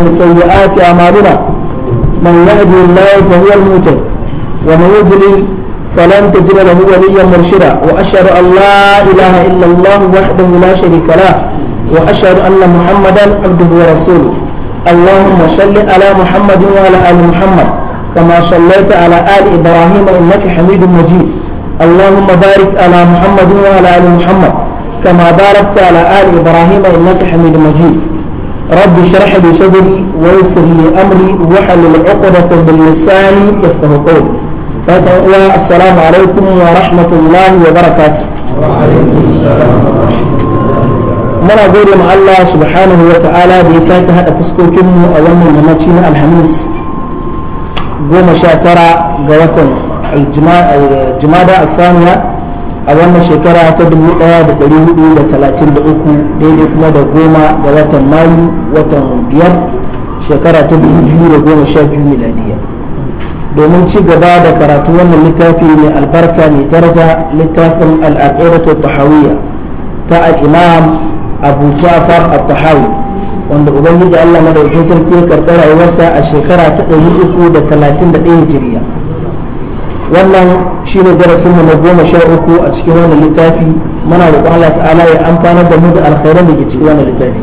من سيئات أعمالنا من يهدي الله فهو المهتد ومن يضلل فلن تجد له وليا مرشدا وأشهد أن لا إله إلا الله وحده لا شريك له وأشهد أن محمدا عبده ورسوله اللهم صل على محمد وعلى آل محمد كما صليت على آل إبراهيم إنك حميد مجيد اللهم بارك على محمد وعلى آل محمد كما باركت على آل إبراهيم إنك حميد مجيد رب شرح لي صدري ويسر لي أمري وحلل عقدة من لساني يفقه قولي السلام عليكم ورحمة الله وبركاته وعليكم السلام ورحمة الله وبركاته الله سبحانه وتعالى بفاتها أفسكو كم أولنا نمتين الحميس قوم شاترا قوة الجمادة الثانية a wannan shekara ta 1433 daidai kuma da goma ga watan mayu watan biyar shekara ta 2012 miladiya domin ci gaba da karatu wannan littafi mai albarka mai daraja littafin al'aqiratu tahawiyya ta al-imam abu ja'far at-tahawi wanda ubangiji Allah madaukakin sarki ya karɓi rayuwarsa a shekara ta 331 hijiriya wannan shi ne darasinmu na goma sha uku a cikin wannan littafi muna da Allah ta'ala ya amfana da mu da alkhairan da ke cikin wannan littafi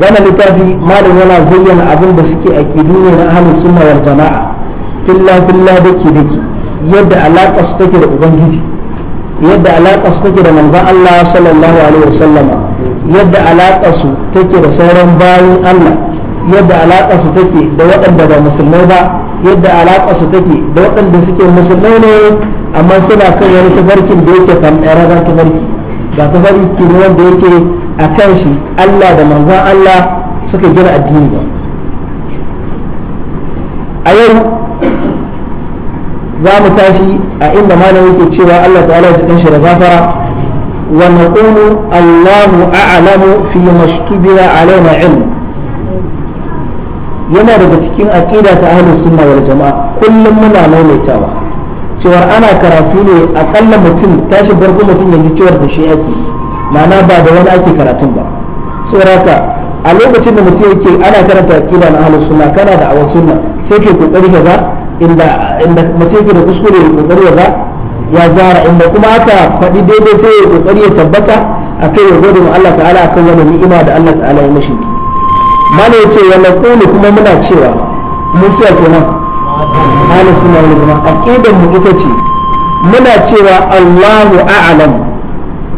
wannan littafi malam yana zayyana abin da suke a ne na ahlus sunna wal jama'a filla filla dake dake yadda alaƙa su take da ubangiji yadda alaƙa su take da manzon Allah sallallahu alaihi wasallama yadda alaƙa su take da sauran bayin Allah yadda alaƙa su take da waɗanda ba musulmai ba yadda alaƙa su take da waɗanda suke musulmai ne amma suna kan wani tafarkin da yake fanɗararren eh, tafarki ba tabarki ne wanda yake a kan shi Allah da manzan Allah suka gina addini ba a yau za mu tashi a inda malam yake cewa Allah ta'ala ya jikin shi da gafara wa naqulu Allahu a'lamu fi mashtubiha alaina ilm yana daga cikin aƙida ta ahlus sunna wal jama'a kullum muna maimaitawa cewa ana karatu ne akalla mutum tashi barko mutum ya ji cewar da shi ake ma'ana ba da wani ake karatun ba saboda a lokacin da mutum yake ana karanta aƙida na ahlus sunna kana da awa sunna sai ke kokari ka ga inda mutum yake da kuskure ya kokari ya ga ya gara inda kuma aka faɗi daidai sai ya kokari ya tabbata akai ya gode ma Allah ta'ala akan wani ni'ima da Allah ta'ala ya mishi mana ya ce wannan kulu kuma muna cewa mun ke nan mana suna wani kuma ƙidan mu ita ce muna cewa Allahu a'alam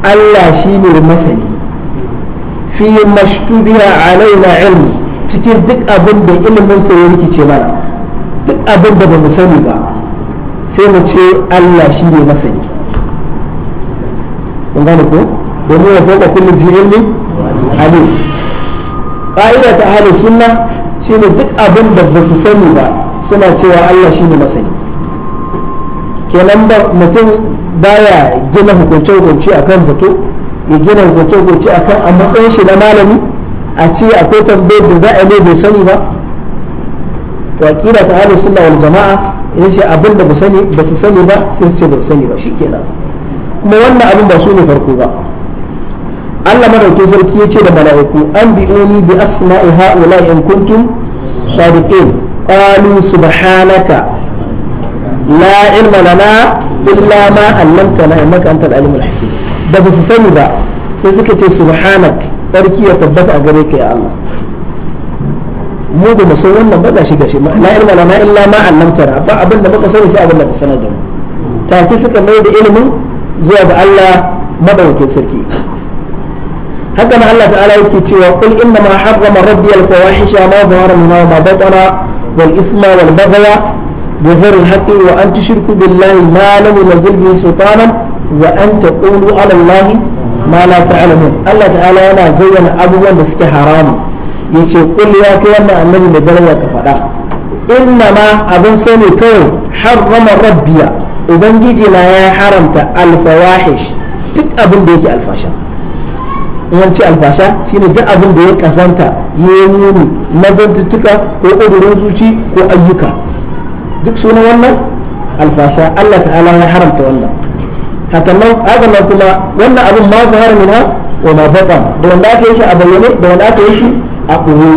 Allah shi ne masani fi mashtubiha alaina ilmi cikin duk abin da ilimin sa ya rikice mana duk abin da mu sani ba sai mu ce Allah shi ne masani kun gane ko domin ya fauka kullu zilmi alim ƙa'ida ta ahlus sunna shine duk abin da ba su sani ba suna cewa Allah shine masani kenan ba mutum baya gina hukunce a kan zato ya gina hukunce a akan a matsayin shi na malami a ce akwai tambayar da za a yi bai sani ba wakila ta ahlus suna wal jama'a ya ce abin da ba su sani ba sai su ce ba su sani ba shi kenan kuma wannan abin ba su ne farko ba Allah madaukin sarki ya ce da mala'iku an bi'uni bi asma'i ha'ula in kuntum sadiqin qalu subhanaka la ilma lana illa ma 'allamtana innaka antal alimul hakim da ba su sani ba sai suka ce subhanak sarki ya tabbata a gare ka ya Allah mu ba mu san wannan ba gashi gashi ma la ilma lana illa ma 'allamtana ba abin da muka sani sai Allah ka sanar da mu take suka mai da ilimin zuwa ga Allah madaukin sarki حتى na Allah ta'ala yake إنما حرم ربي الفواحش ما ظهر منها وما بطن والإثم minha بغير الحق وأن تشركوا بالله ما لم ينزل به سلطانا وأن تقولوا على الله ما لا تعلمون الله تعالى أنا زين أبوا بسك حرام يتي قل يا كيما أنني مدريا كفدا إنما أبن سني كو حرم ربي وبنجي لا يا حرمت الفواحش تك أبن بيجي الفاشا wanci alfasha shine duk abin da ya kasanta ya yi muni mazantuttuka ko ƙudurin zuci ko ayyuka duk suna wannan alfasha Allah ta'ala ya haramta wannan hakan nan haka nan kuma wannan abin ma zahara min wa ma batan da wanda aka yi shi a bayyane da wanda aka yi shi a ɓoye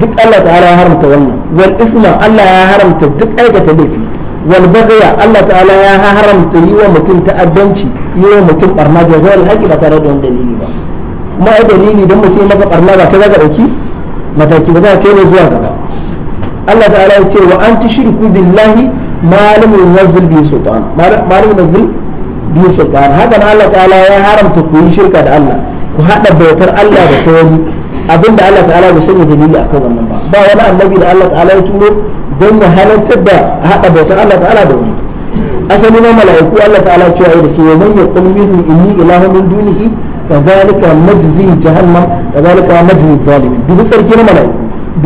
duk Allah ta'ala ya haramta wannan wal isma Allah ya haramta duk aikata laifi wal bagaya Allah ta'ala ya haramta yi wa mutum ta'addanci yi wa mutum barna da zai alhaƙi ba tare da wani dalili ba ma a dalili don mutum maka barna ba kai za ka dauki mataki ba za ka kai ne zuwa gaba Allah ta'ala ya ce wa an shirku billahi ma nazil yunzil bi sultan malamin nazil yunzil bi sultan haka nan Allah ta'ala ya haramta ku yi shirka da Allah ku hada bautar Allah da ta wani abinda Allah ta'ala bai sanya dalili akan wannan ba ba wani annabi da Allah ta'ala ya turo don ya halartar da hada bautar Allah ta'ala da wani asali na mala'iku Allah ta'ala ya ce yi da su wa man yaqul minhu inni ilahun min dunihi كذلك نجزي جهنم كذلك نجزي الظالمين دبو سركي ملائكه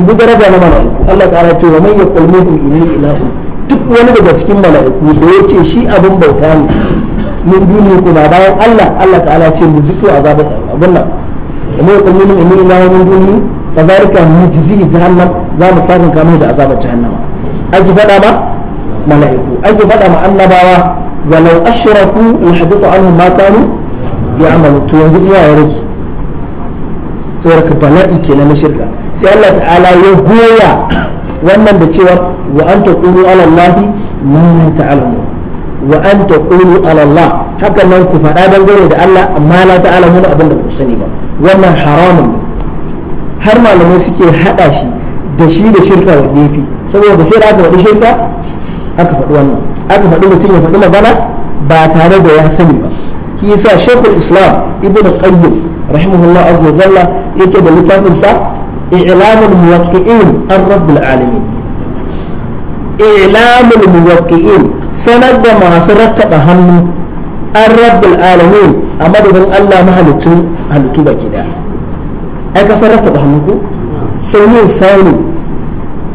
دبو درجه ملائكه الله تعالى يقول ومن يقول منهم اني اله duk wani daga cikin mala'iku da ya ce shi abin bauta ne min duniya ko ba bayan Allah Allah ta'ala ce mu jitu azabin abin nan kuma yakun min min ilahu min duniya kazalika mujzihi jahannam za mu sakin kamar da azabar jahannama aji fada ba mala'iku aji fada ma annabawa walau ashraku yahdathu anhum ma kanu ya amalu to yanzu iya ya rage tsoraka bala'i ke na shirka sai Allah ta'ala ya goya wannan da cewa wa an taqulu ala Allah ma la ta'lamu wa an taqulu ala Allah haka nan ku faɗa dangane da Allah amma la ta'lamu abin da ku sani ba wannan haramun ne har malamai suke hada shi da shi da shirka wa gefe saboda sai da aka faɗi shirka aka faɗi wannan aka faɗi mutum ya faɗi magana ba tare da ya sani ba shi yasa shekul islam ibn qayyim rahimahullah azza wa jalla yake da littafin sa i'lamul muwaqqi'in an rabbil alamin i'lamul muwaqqi'in sanar da masu rattaba hannu an rabbil alamin a madadin Allah mahalicin halittu baki daya ai ka sanar da hannu ko sai yin sauri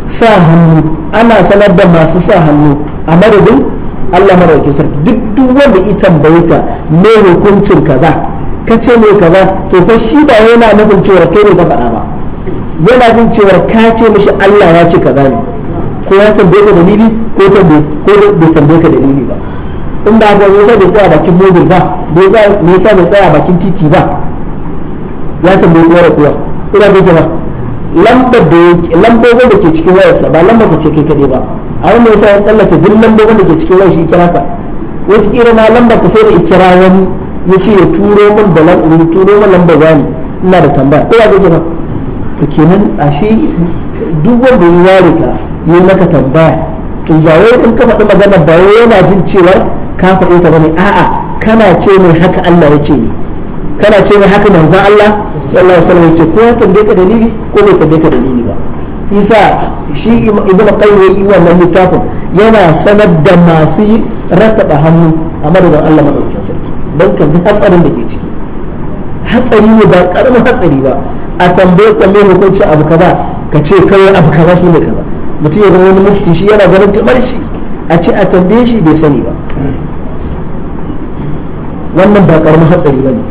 sa hannu ana sanar da masu sa hannu a madadin Allah maraukin sarki duk duk wanda ita tambaye me hukuncin kaza ka ce me kaza to fa shi ba yana nufin cewa kai ne ka faɗa ba yana jin cewa ka ce mishi Allah ya ce kaza ne ko ya tambaye ka dalili ko ko bai tambaye ka dalili ba in ba ga yasa bai tsaya bakin mobil ba me yasa bai tsaya bakin titi ba ya tambaye kowa da kuwa ina bai ba lambar da lambobin da ke cikin wayarsa ba lambar ka ce kai kaɗai ba a wani yasa ya tsallake duk lambobin da ke cikin wayarsa shi kira ka wata kira na lamba ku sai da ikira wani ya ce ya turo min da lamba turo min lamba wani ina da tambaya ko ya gaji ba to kenan ashe duk wanda ya yare ka yi maka tambaya to ya wai in ka faɗi magana ba wai yana jin cewa ka faɗi ta bane a'a kana ce mai haka Allah ya ce ni kana ce mai haka manzan Allah sallallahu alaihi wasallam ya ce ko ya bai ka dalili ko bai bai ka dalili ba isa shi ibnu qayyim wannan littafin yana sanar da masu rataɓa hannu a madadin Allah maɗaukin sarki don ka ga hatsarin da ke ciki hatsari ne ba ƙaramin hatsari ba a tambaye ka mai hukunci abu kaza ka ce kawai abu kaza shi ne kaza mutum ya wani mufti shi yana ganin kamar shi a ce a tambaye shi bai sani ba wannan ba ƙaramin hatsari ba ne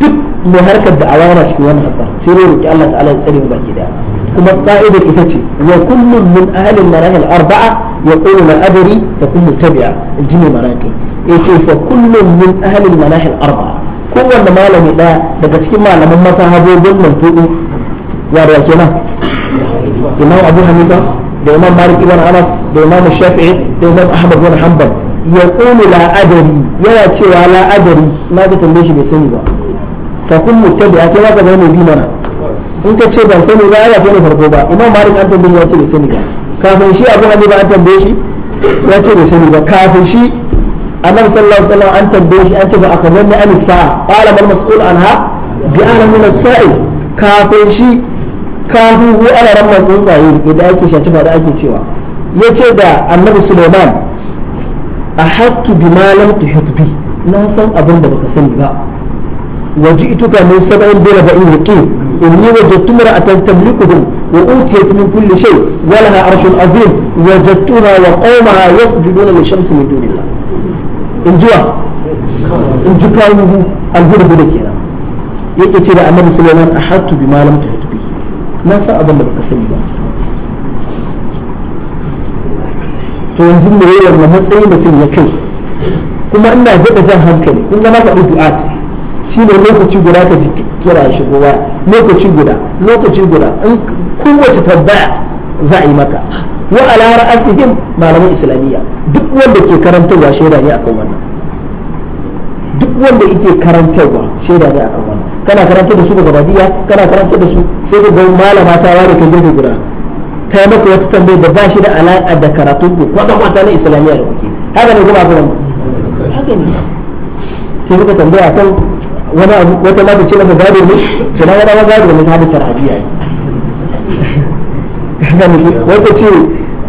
duk mai harkar da awa yana wani hatsar sai dai roƙi Allah ta'ala ya tsare mu baki daya kuma ka'idar ita ce wa kullum min ahlil marahil arba'a يقول ما أدري فكن متبع الجن المراقي يتي فكل من أهل المناهي الأربعة كل ما لم يدا daga cikin malaman mazhabobin nan hudu wanda yake nan Imam Abu Hanifa da Imam Malik ibn Anas da Imam Shafi'i da Imam Ahmad ibn Hanbal yaqulu la adari yana cewa la adari na ga tambaye shi bai fa kun muttabi'a kai za ka zama bi mana in ka ce ban sani ba ya farko ba Imam Malik an tambaye ya ce ba kafin shi abu hanifa an tambaye shi ya ce bai sani ba kafin shi a sallallahu alaihi wasallam an tambaye shi an ce ba a kamar ni an sa'a qala bal mas'ul anha bi alam min sa'i kafin shi kafin hu ala masu tsuntsaye idan ake shati ba da ake cewa ya da annabi suleiman a hattu bi malam tuhit bi na san abin da baka sani ba waji ituka min sab'in bi yi yaqin tumura wajadtu mar'atan tamlikuhum وأوتيت من كل شيء ولها عرش عظيم وجدتها وقومها يسجدون للشمس من دون الله in jiwa in ji kawo algurgudu kenan yake ce da annabi sulaiman a hatu bi malam ta na san abin baka sani ba to yanzu me yayi wannan ya kai kuma ina daɗa jan hankali kun ga na faɗi du'at shi ne lokaci guda ka ji kira shi lokaci guda lokaci guda kowace tambaya za a yi maka wa ala ra'asihim malaman islamiyya duk wanda ke karantarwa shaida ne akan wannan duk wanda yake karantarwa shaida ne akan wannan kana karantar da su ga badiya kana karantar da su sai ka ga malama ta ware ta gefe guda ta yi maka wata tambaya da ba shi da alaƙa da karatun ku kwata kwata na islamiyya da kuke haka ne kuma kuma haka ne ke muka tambaya kan wani abu wata mata ce maka gado ne kina wani gado ne ta hada tarbiyya ne wata ce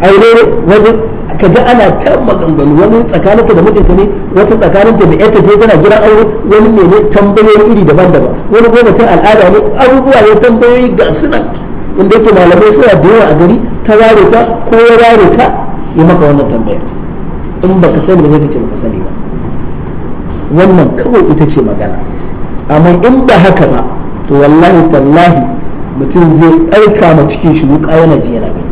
aure wani ka ga ana ta maganganu wani tsakaninta da mijinta ne wata tsakaninta da yata ce tana gidan aure wani mene tambayoyi iri daban-daban wani gwamnatin al'ada ne abubuwa ne tambayoyi ga suna wanda yake malamai suna da yawa a gari ta ware ka ko ya ware ka ya maka wannan tambayar in baka sani ba zai kace baka sani ba wannan kawai ita ce magana amma in ba haka ba to wallahi tallahi mutum zai aika ma cikin shi wuka yana ji yana gani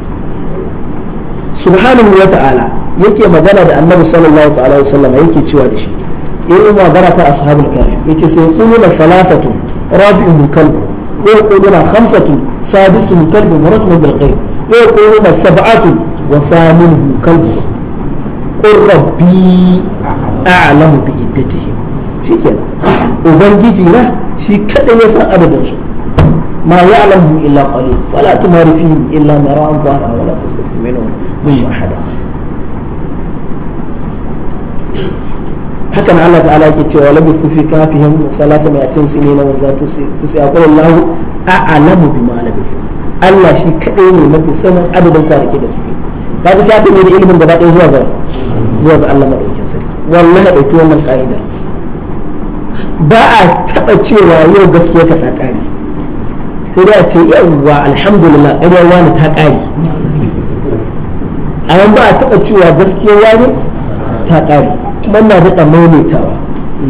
subhanahu wa ta'ala yake magana da annabi sallallahu ta'ala wa sallama yake cewa da shi in ma baraka ashabul kahf yake sai quluna salasatu rabi'uhum kalbu wa quluna khamsatu sadisuhum kalbu muratun bil ghaib wa quluna sab'atu wa thaminuhum kalbu qur rabbi a'lamu bi iddatihim shikenan ubangiji na shi kadai ya san adadin su ما يعلمه إلا قليل فلا تمار فيهم إلا مراء ظاهرا ولا تستفد منهم منه أحدا hakan Allah ta'ala yake cewa labi fi kafihim salasa mai atin sini na wanda ta sai akwai Allah a'lamu bi ma labi Allah shi kadai ne mafi sanin adadin kwanaki da suke ba ka shafi ne da ilimin gaba ɗaya zuwa ga zuwa ga Allah madaukakin sarki wallahi dauki wannan ka'ida ba a taba cewa yau gaskiya ka ta kare sai dai a ce yawwa alhamdulillah ƙarya wani ta ƙari a yan ba a taɓa cewa gaskiya wani ta ƙari wannan daɗa maimaitawa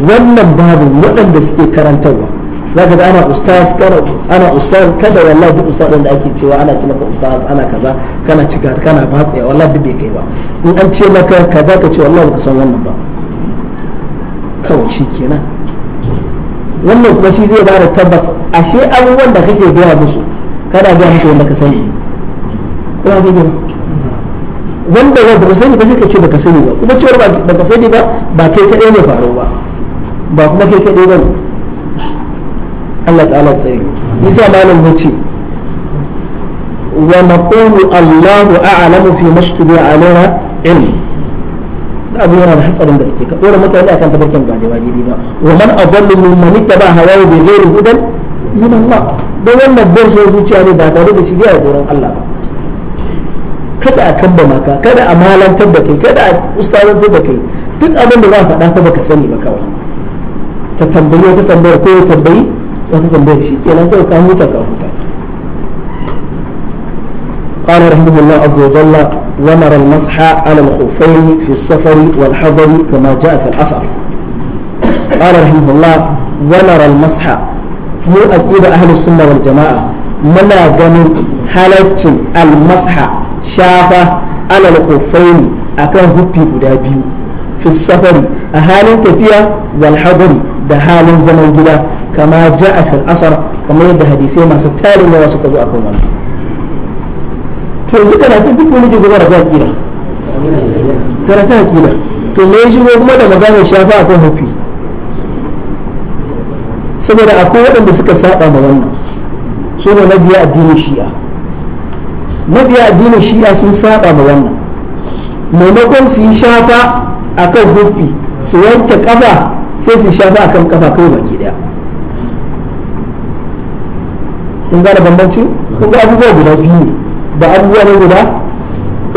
wannan babu waɗanda suke karantarwa za ka ga ana ustaz ana ustaz kada wallahi duk ustaz da ake cewa ana ce maka ustaz ana kaza kana cika kana batsaya wallahi duk bai kai ba in an ce maka kaza ka ce wallahi ka san wannan ba kawai shi kenan wannan kuma shi zai bada tabbas ashe abubuwan da kake gaya musu kada gaya musu wanda ka sani kuma kake wanda ba ka sani ba sai ka ce baka sani ba kuma cewar ba ka sani ba ba kai kaɗai ne faru ba ba kuma kai kaɗai ba ne Allah ta'ala tsari nisa malam ya ce wa naqulu Allahu a'lamu fi mashtubi alaiha ilmi da abu yana da hatsarin gaske ka dora mutane akan tabarkin ba da ba daidai ba wa man adallu mimman ittaba hawahu bi ghairi hudan min Allah da wannan bin sai zuciya ne ba tare da shirya doron Allah ba kada a kambama ka kada a malantar da kai kada a ustazantar da kai duk abin da za a faɗa ka baka sani ba kawai ta tambayi wata tambayar ko ya tambayi wata tambayar shi kenan kawai ka huta ka huta قال رحمه الله عز وجل ونرى المسح على الخفين في السفر والحضر كما جاء في الأثر قال رحمه الله ونرى المسح هو أكيد أهل السنة والجماعة منا جميل حالة المسح شافة على الخفين أكان هبي قدابيو في السفر أهال تفيا والحضر بهال زمن جدا كما جاء في الأثر كما يبدأ حديثي ما ستالي وسكتوا أكون to yanzu karatun duk wani jigo mara zaki na karatun haki na to me shigo kuma da maganar shafa akan hufi saboda akwai waɗanda suka saba ma wannan su ne mabiya addinin shi'a mabiya addinin shi'a sun saba ma wannan maimakon su yi shafa akan hufi su wanke kafa sai su shafa akan kafa kawai baki daya kun gane bambancin kun ga abubuwa guda biyu ne ba abubuwa na guda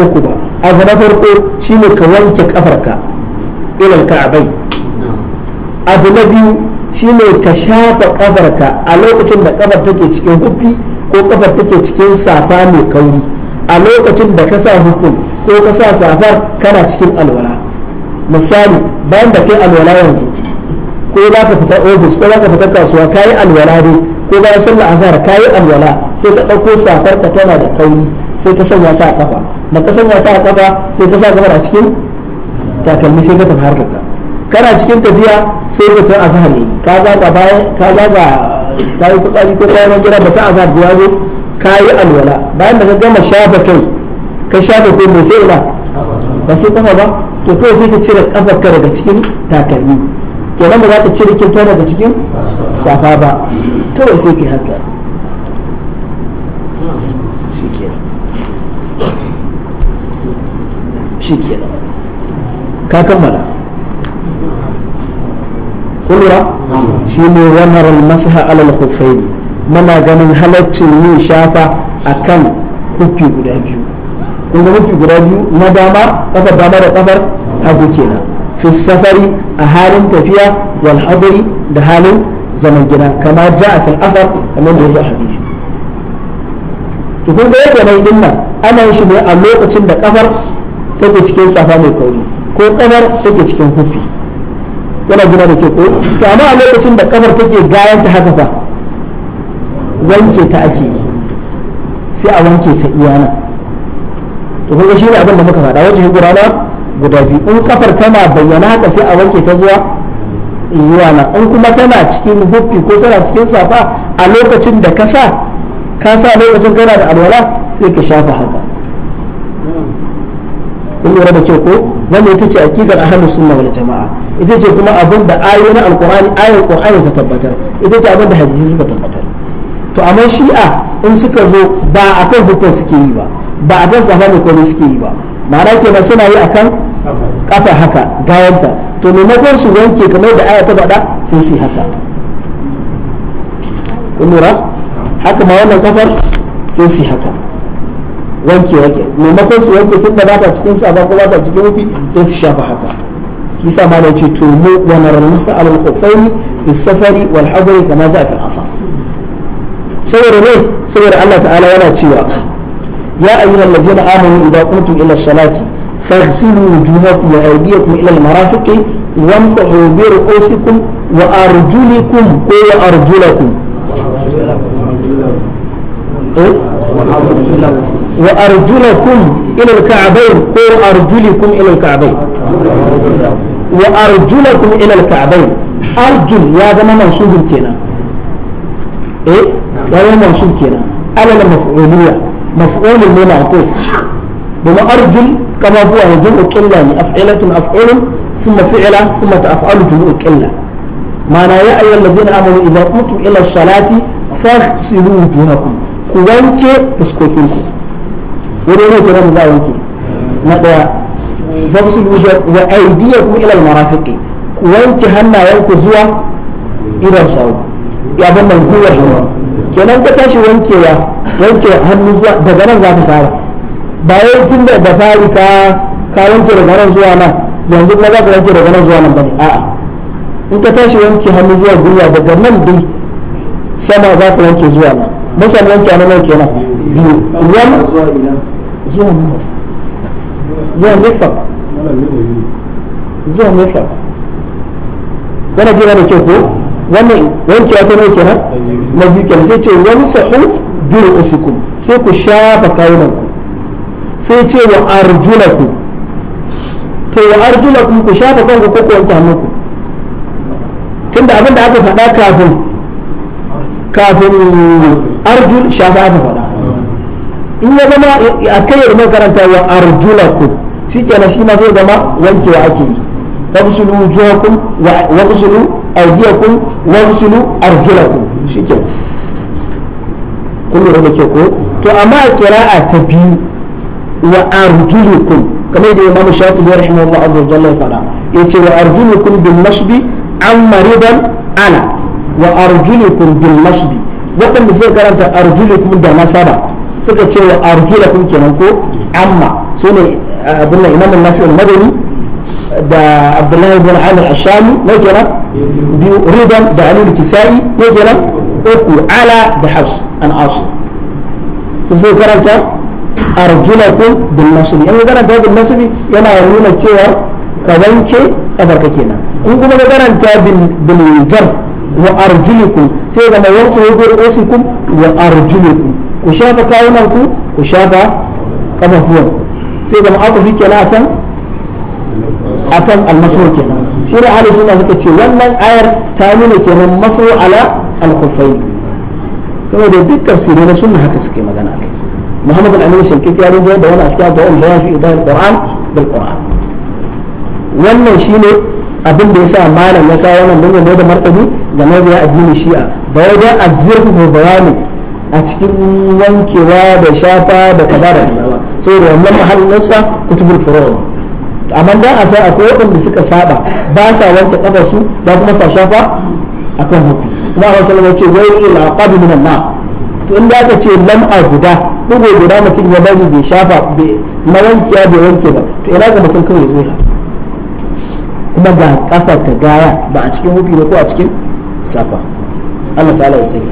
uku ba abu na farko shine ka wanke kafarka a bai. abu na biyu shine ka shafa kafarka a lokacin da kafar take cikin hufi ko kafar take cikin safa mai kauri a lokacin da ka sa hukun ko ka sa safar kana cikin alwala misali bayan da kai alwala yanzu ko za ka fita ofis ko za ka fita kasuwa ka yi alwala ne ko bayan sallar azhar ka yi alwala sai ka ɗauko safar ka tana da kauri sai ka sanya ta a kafa da ka sanya ta a kafa sai ka sa gabar a cikin takalmi sai ka tafi harkar ka kana cikin tafiya sai batun azhar yi ka zaga ka ga ka yi fitsari ko kayan gida ta azhar da yazo ka yi alwala bayan da ka gama shafa kai ka shafa ko mai sai ila ba sai kafa ba to kai sai ka cire kafar ka daga cikin takalmi kenan ba za ka cire kyauta daga cikin safa ba kawai sai ke haka shi kenan ka kammala kulura shi ne wannan masaha alal kufai mana ganin halaccin yin shafa akan kufi guda biyu kuma ga guda biyu na dama kafar dama da kafar hagu kenan fi safari a halin tafiya wal hadari da halin zaman gida kama ja a fil asar kamar ya hadisi to kun ga yadda nan din nan ana yin shi ne a lokacin da kafar take cikin safa mai kauri ko kafar take cikin yana da ke to amma a lokacin da take haka wanke ta ake yi sai a wanke ta iyana to kun shi ne abin da muka faɗa wajen gurana guda biyu in kafar tana bayyana haka sai a wanke ta zuwa zuwa na in kuma tana cikin huffi ko tana cikin safa a lokacin da ka sa ka sa lokacin kana da alwala sai ka shafa haka kun lura da ke ko wanda ita ce akidar ahlus sunna wal jama'a ita ce kuma abin da ayoyin alqur'ani ayoyin qur'ani ta tabbatar ita ce abin da hadisi suka tabbatar to amma shi'a in suka zo ba akan hukun suke yi ba ba akan safa ne komai suke yi ba ma'ana kenan suna yi akan kafa haka gawanta to maimakon su wanke kamar da aya ta faɗa sai su haka lura haka ma wannan kafar sai su haka wanke wanke maimakon su wanke tun da bata cikin sa ba ko bata cikin rufi sai su shafa haka kisa ma da ce to mu wa narmusa alal qufaini bis safari wal hadri kama ja fi afa saboda ne saboda Allah ta'ala yana cewa ya ayyuhal ladina amanu idza qumtum ila salati فاغسلوا وجوهكم وأيديكم إلى المرافق وامسحوا برؤوسكم وأرجلكم وأرجلكم أرجلكم إيه؟ وأرجلكم إلى الكعبين أرجلكم إلى الكعبين وأرجلكم إلى الكعبين أرجل يا ذا منصوب كنا إيه؟ يا ذا منصوب كنا ألا مفعولية مفعول لمعطوف domin arjul kafafuwa ne jam'u qilla ne af'ilatun af'ulun thumma fi'la thumma ta'falu jam'u qilla ma'ana ya ayyuhal ladzina amanu idza qumtum ila salati faghsilu wujuhakum ku wanke fuskokinku wani ne kiran za wanke na daya faghsilu wujuhakum wa aydiyakum ila al-marafiqi ku wanke zuwa idan ya ban nan gwiwa kenan ka tashi wankewa wanke hannu zuwa za fara ba yau tun da ba fari ka ka wanke daga nan zuwa nan yanzu kuma za ka wanke daga nan zuwa nan bane a'a in ka tashi wanke hannu zuwa gwiwa daga nan dai sama za ka wanke zuwa nan musan wanke a nan kenan biyu ruwan zuwa nan zuwa nifaq zuwa nifaq wannan jira da kyau ko wannan wanke wata nawa kenan na biyu kenan sai ce wani sahu biyu usikum sai ku shafa kayunan sai ce wa arjulaku to wa arjulaku ku shafa kanku ko ku wanke hannunku tunda abin da aka faɗa kafin kafin arjul shafa aka faɗa in ya zama a kayyar makaranta wa arjulaku shi kenan shi ma zai zama wankewa ake yi واغسلوا وجوهكم واغسلوا ايديكم da ارجلكم شكرا كل amma a kira a القراءة biyu. wa arjulukum kamar da imamu shafi'i rahimahullah azza wa jalla ya fada yace wa arjulukum bil mashbi an maridan ana wa arjulukum bil mashbi waɗanda suka karanta arjulukum da nasaba suka ce wa arjulakum kenan ko amma sune eh, abin nan imamu nafi'ul madani da abdullahi bin amir ashami ne kenan biyu ridan da alilu kisa'i ne kenan uku ala da hafs an asu su karanta arjulakum bil nasbi in karanta bil nasbi yana nuna cewa ka wanke ka kenan in kuma ka karanta bil jar wa arjulukum sai zama wasu hukur usikum wa arjulukum ku shafa kawunan ku ku shafa kafafuwan sai zama aka fi kenan akan akan almasu kenan shi da ahli suna suka ce wannan ayar ta nuna kenan masu ala al-khufayn kuma da duk tafsirai na suna haka suke magana akai محمد الامين الشنكيتي يا رجال ده وانا أشكال دوام بيان في إيضاح القرآن بالقرآن wannan shine abin da yasa malam ya kawo wannan dangane da martabi game da addinin shi'a da wajen azzirfu bayani a cikin wankewa da shafa da kaza da kaza ba saboda wannan mahallinsa kutubul furu amma da a sai akwai waɗanda suka saba ba sa wanke kafar su ba kuma sa shafa akan hukumi kuma Allah sallallahu alaihi wasallam ya ce wai ila aqabi minan nar to da aka ce lam a guda dugo guda mutum ya bari bai shafa bai mawanki ya bai wanke ba to ina ga mutum kawai zai ha kuma ga kafa ta gaya ba a cikin hufi ba ko a cikin safa Allah ta'ala ya sani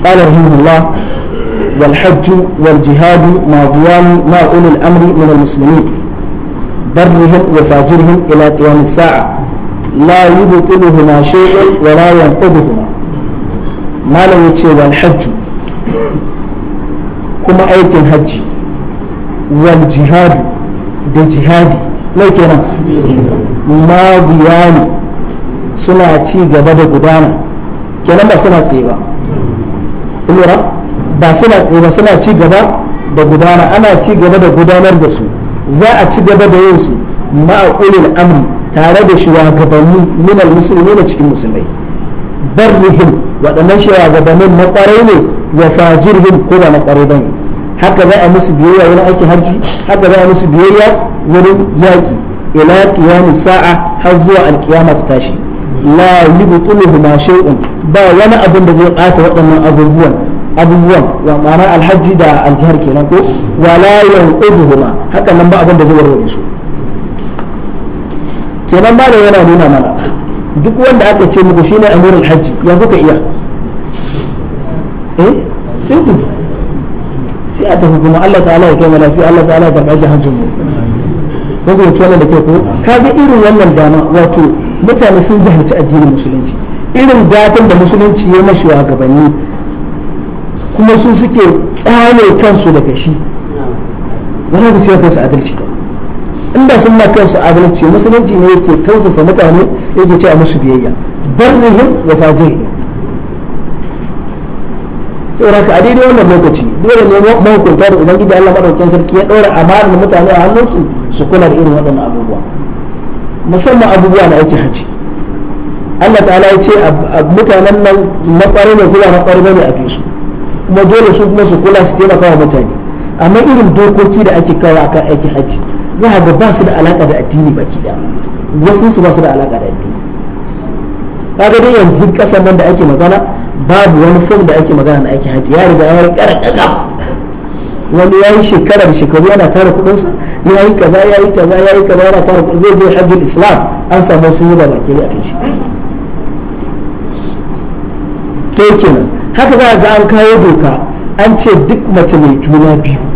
قال رحمه الله والحج والجهاد ماضيان مع أولي الأمر من المسلمين برهم وفاجرهم إلى قيام الساعة لا يبطلهما شيء ولا ينقضهما ما malam yace الحج كما kuma aikin hajji wal jihad da jihadi mai kenan mabiyani suna ci gaba da gudana kenan ba suna ba suna suna ci gaba da gudana ana ci gaba da gudanar da su za a ci gaba da yin su ma'a ulil amri tare da shugabanni al musulmi na cikin musulmai barrihim waɗannan shugabannin na ƙwarai ne wa fajirhim ko ba na ƙwarai ba ne haka za a musu biyayya wurin aikin hajji haka za a musu biyayya wurin yaƙi ila qiyamis sa'a har zuwa alƙiyama ta tashi la yubtiluhu ma shay'un ba wani abin da zai ɓata waɗannan abubuwan abubuwan wa ma'ana alhaji da aljihar kenan ko wala yanquduhuma haka nan ba abin da zai warware su kenan ba da yana nuna mana duk wanda aka ce muku shine amirul hajji ya kuka iya eh sai ku sai a tafi kuma Allah ta'ala ya kai lafiya Allah ta'ala ya tafi hajjin mu ko ku wannan da ke ko kaga irin wannan dama wato mutane sun jahilci addinin musulunci irin datan da musulunci ya mashi wa gabanni kuma su suke tsane kansu daga shi wani ba sai kansu adalci ba inda sun ma kansu adalci musulunci ne yake tausasa mutane yake ce a musu biyayya barrihim wa fajirihim saboda ka a daidai wannan lokaci dole ne mahukunta da ubangiji Allah madaukakin sarki ya ɗora amanar mutane a hannunsu su kula da irin waɗannan abubuwa musamman abubuwa na aikin hajji Allah ta'ala ya ce mutanen nan na ne kula na ne a fi su kuma dole su kuma su kula su taimaka wa mutane amma irin dokoki da ake kawo akan aikin hajji za ga ba su da alaka da addini baki da wasu su ba su da alaka da addini kaga dai yanzu kasan nan da ake magana babu wani fom da ake magana da ake haji ya riga ya kara kaka wani ya yi shekara da shekaru yana tara sa ya yi kaza ya yi kaza ya yi kaza yana tara kudin zai je hajjin islam an samu sun yi da baki a kan shi to kenan haka za a ga an kawo doka an ce duk mace mai juna biyu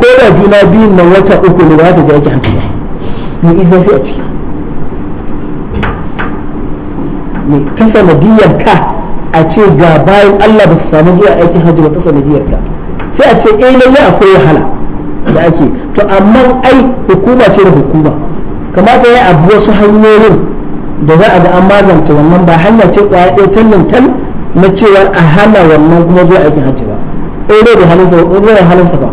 ko da juna biyun nan wata uku ne ba ta ji ake haka ba mai izafi a ciki mai ta sanadiyar ka a ce ga bayan Allah ba su samu zuwa aikin hajji ba ta sanadiyar ka sai a ce eh lalle akwai wahala da ake to amma ai hukuma ce da hukuma kamata ya abu wasu hanyoyin da za a ga an magance wannan ba hanya ce kwaya ɗaya tallin tal na cewa a hana wannan kuma zuwa aikin hajji ba eh da halin halinsa ba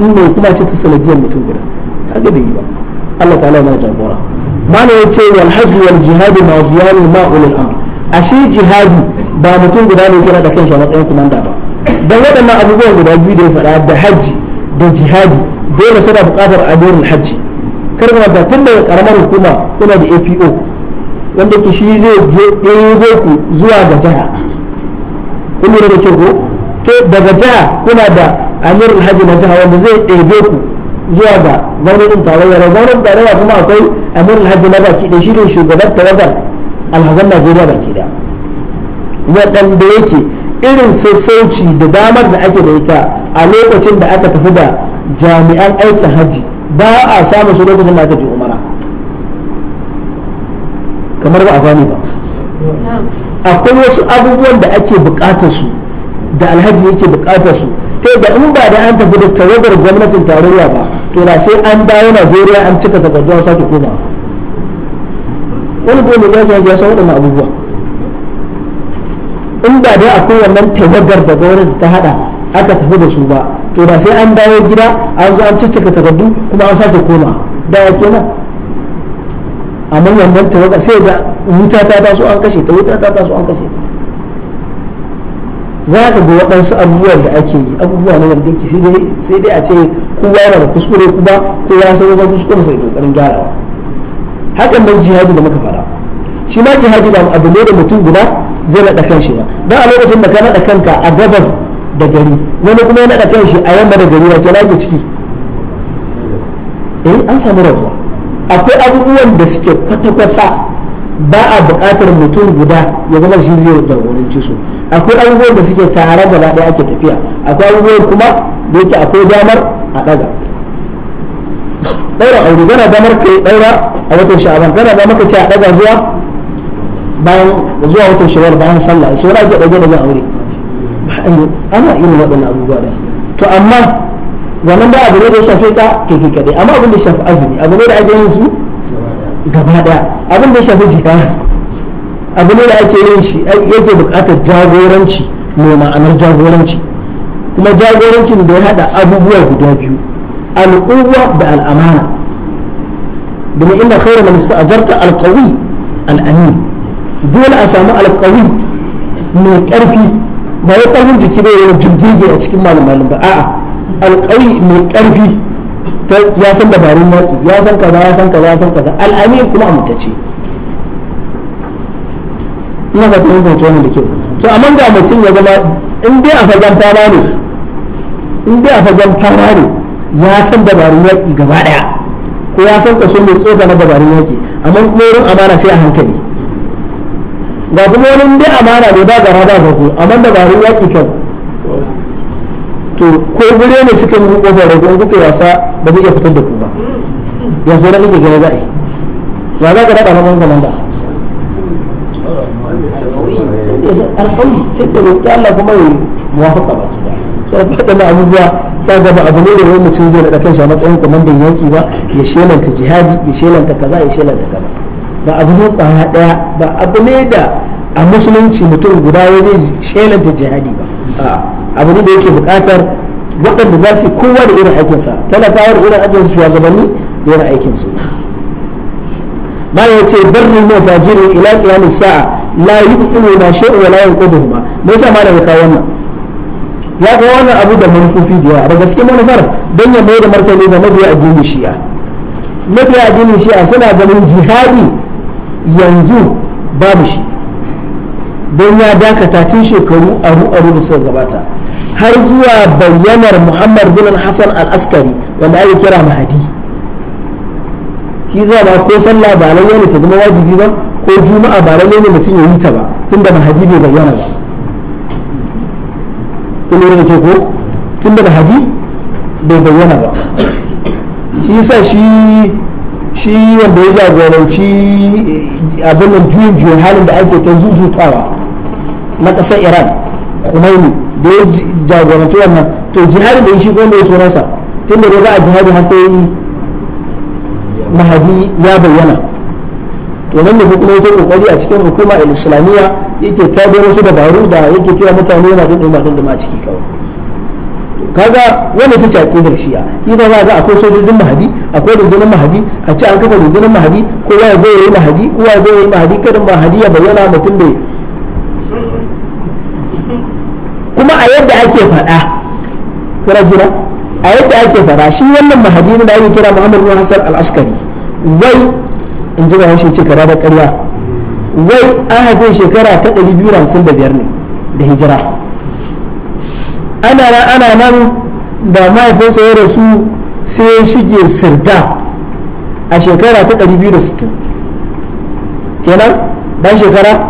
in mai kuma ce ta sanadiyar mutum guda haka bai yi ba Allah ta'ala yana jagora mana ya ce wal hajji wal jihadi ma diyani ma ulul amr ashe jihadi ba mutum guda ne kira da kanshi a matsayin kumanda ba dan waɗannan abubuwan guda biyu da ya faɗa da hajji da jihadi dole sai da buƙatar adirin hajji kar ma da tun daga karamar hukuma kuna da APO wanda ke shi zai je ɗaya ku zuwa ga jiha kun da ke ko daga jiha kuna da amirul hajji na jiha wanda zai ɗebe ku zuwa ga gwamnatin tarayya da gwamnatin tarayya kuma akwai amirul alhaji na baki ɗaya ne shugaban tawagar alhazan najeriya baki ɗaya waɗanda yake irin sassauci da damar da ake da ita a lokacin da aka tafi da jami'an aikin hajji ba a samun su lokacin da aka je umara kamar ba a gane ba akwai wasu abubuwan da ake bukatar su da alhaji yake bukatar su ta da in ba da an tafi da tawagar gwamnatin tarayya ba to da sai an dawo najeriya an cika takardu an sake koma wani gobe ya zai ya san waɗannan abubuwa in ba dai akwai wannan tawagar da gwamnati ta hada aka tafi da su ba to da sai an dawo gida an zo an cika takardu kuma an sake koma da ya kenan amma wannan tawaga sai da wuta ta taso an kashe ta wuta ta taso an kashe ta za ka ga waɗansu abubuwan da ake yi abubuwa na yarda ki sai dai a ce kowa yana da kuskure kuma kowa ya san wajen kuskure sai kokarin gyarawa hakan nan jihadi da muka fara shi ma jihadi ba abu ne da mutum guda zai naɗa kanshi ba don a lokacin da ka naɗa kanka a gabas da gari wani kuma ya naɗa kanshi a yamma da gari ke lage ciki eh an samu rabuwa akwai abubuwan da suke kwata-kwata ba a buƙatar mutum guda ya zama shi zai jagoranci su akwai abubuwan da suke tare da ɗaya ake tafiya akwai abubuwan kuma da yake akwai damar a ɗaga ɗaura aure gana damar ka yi ɗaura a watan sha'aban gana damar ka ce a ɗaga zuwa bayan zuwa watan shawar bayan sallah sai wani ake ɗage jan aure ana irin waɗannan abubuwa da to amma wannan ba abu ne da ya shafe ka kake kaɗai amma abin da ya shafi azumi abu ne da ake yin su gaba daya abin da ya shafi jihadi abu ne da ake yin shi yake bukatar jagoranci mai ma'anar jagoranci kuma jagorancin da ya hada abubuwa guda biyu al'uwa da al'amana domin inda khairu man ista'jarta al-qawi al dole a samu al mai karfi ba ya karfin jiki bai yana jirgege a cikin malamalin ba a'a al mai karfi ya san dabarun yaki ya san kaza ya san kaza ya san kaza al'amir kuma amintacce ina ka ta hukunci wani da kyau to amma ga mutum ya zama in dai a fagen fama ne in dai a fagen fara ne ya san dabarun yaki gaba daya ko ya san kaso mai tsoka na dabarun yaki amma kuma wurin amana sai a hankali ga kuma wani dai amana ne ba gara ba zago amma dabarun yaki kan to ko gure ne suka yi kofar rago kuka wasa ba zai iya fitar da ku ba yanzu na kake gani za a yi ya za ka daɗa na manga nan ba alƙawi sai ka roƙi Allah kuma ya muwafaka ba ki da sai ka faɗa abubuwa ta ba abu ne da wani mutum zai daɗa kanshi a matsayin kwamandan yanki ba ya shelanta jihadi ya shelanta kaza ya shelanta kaza ba abu ne ƙwaya ɗaya ba abu ne da a musulunci mutum guda ya zai shelanta jihadi ba abu ne da yake bukatar waɗanda za su kowa da irin aikinsa da irin aikinsu shugabanni da irin aikinsu bayan ce barrin mu fajirin ila ni sa'a la yubtilu ma shay'un wa la ma me yasa ma daga kawo wannan ya ga wannan abu da manufofi da yawa da gaske manufar don ya mai da martani ga mabiya addinin shi'a mabiya addinin shi'a suna ganin jihadi yanzu babu shi don ya dakata tun shekaru abu aru da suka gabata har zuwa bayyanar muhammad bin hassan al-askari wanda ake kira mahadi shi za ba ko sallah ba lalle ne ta zama wajibi ba ko juma'a ba lalle ne mutum ya yi ta ba da mahadi bai bayyana ba kuma lura da ke ko tunda mahadi bai bayyana ba shi yasa shi shi wanda ya jagoranci eh, abin nan juyin juyin halin da ake ta zuzutawa na ƙasar iran kumaini da ya jagoranci wannan to jihadin da ya shi wanda ya sunansa tun da za a jihadi har sai mahadi ya bayyana to nan da kuma kokari a cikin hukuma a islamiyya yake kawo wasu dabaru da yake kira mutane yana dindin ma dindin a ciki kawai kaga wanda ta ce aqidar shiya shi ta za ga akwai sojojin mahadi akwai rundunar mahadi a ci an kafa rundunar mahadi ko ya zo mahadi ko ya zo mahadi kada mahadi ya bayyana mutum bai ake faɗa kuna jira a yadda ake faɗa shi wannan mahadini da ake kira muhammad bin hasan al-askari wai in ji bahaushe ce kara da ƙarya wai an haife shekara ta 255 ne da hijira ana nan ana nan da mahaifinsa ya rasu sai ya shige sirda a shekara ta ɗari biyu da 260 kenan ban shekara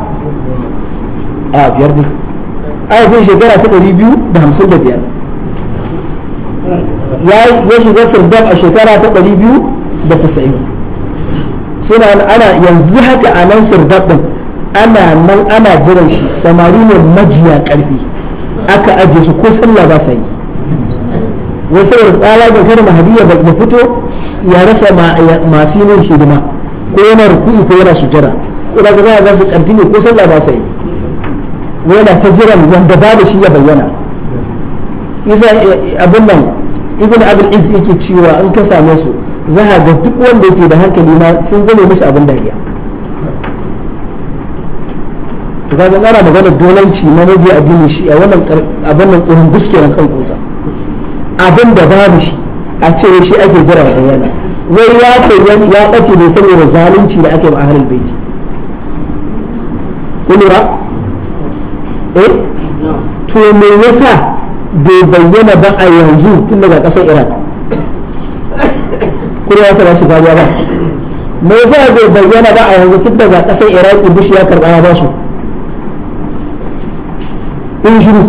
a biyar ne ayyukan shekara ta ɗari biyu da biyar ya shiga sardam a shekara ta ɗari biyu da tasa'in suna ana yanzu haka a nan sardam ɗin ana nan ana jiran shi samari ne majiya ƙarfi aka ajiye su ko sallah ba sa yi wasu da tsara ga kar mahadiyya ba ya fito ya rasa masu yin hidima ko yana rukuni ko yana sujjara ko da ka za su kantine ko sallah ba sa yi yana ta jiran wanda babu shi ya bayyana yasa eh, eh, abin nan ibn abul iz yake cewa in ka same su za a ga duk wanda yake da hankali ma sun zame mishi abin dariya to ga ana magana dolanci na mabiya addini shi a wannan abin nan tsoron guskewan kan kusa abin da babu shi a cewa shi ake jira bayyana wai ya ce ya ɓace ne saboda zalunci da ake ma ahlul baiti kun lura eh to me yasa bai bayyana ba a yanzu tun daga ƙasar iraq kuma ta ba shi ba me yasa bai bayyana ba a yanzu tun daga ƙasar iraq bush ya karɓa ya ba su in shiru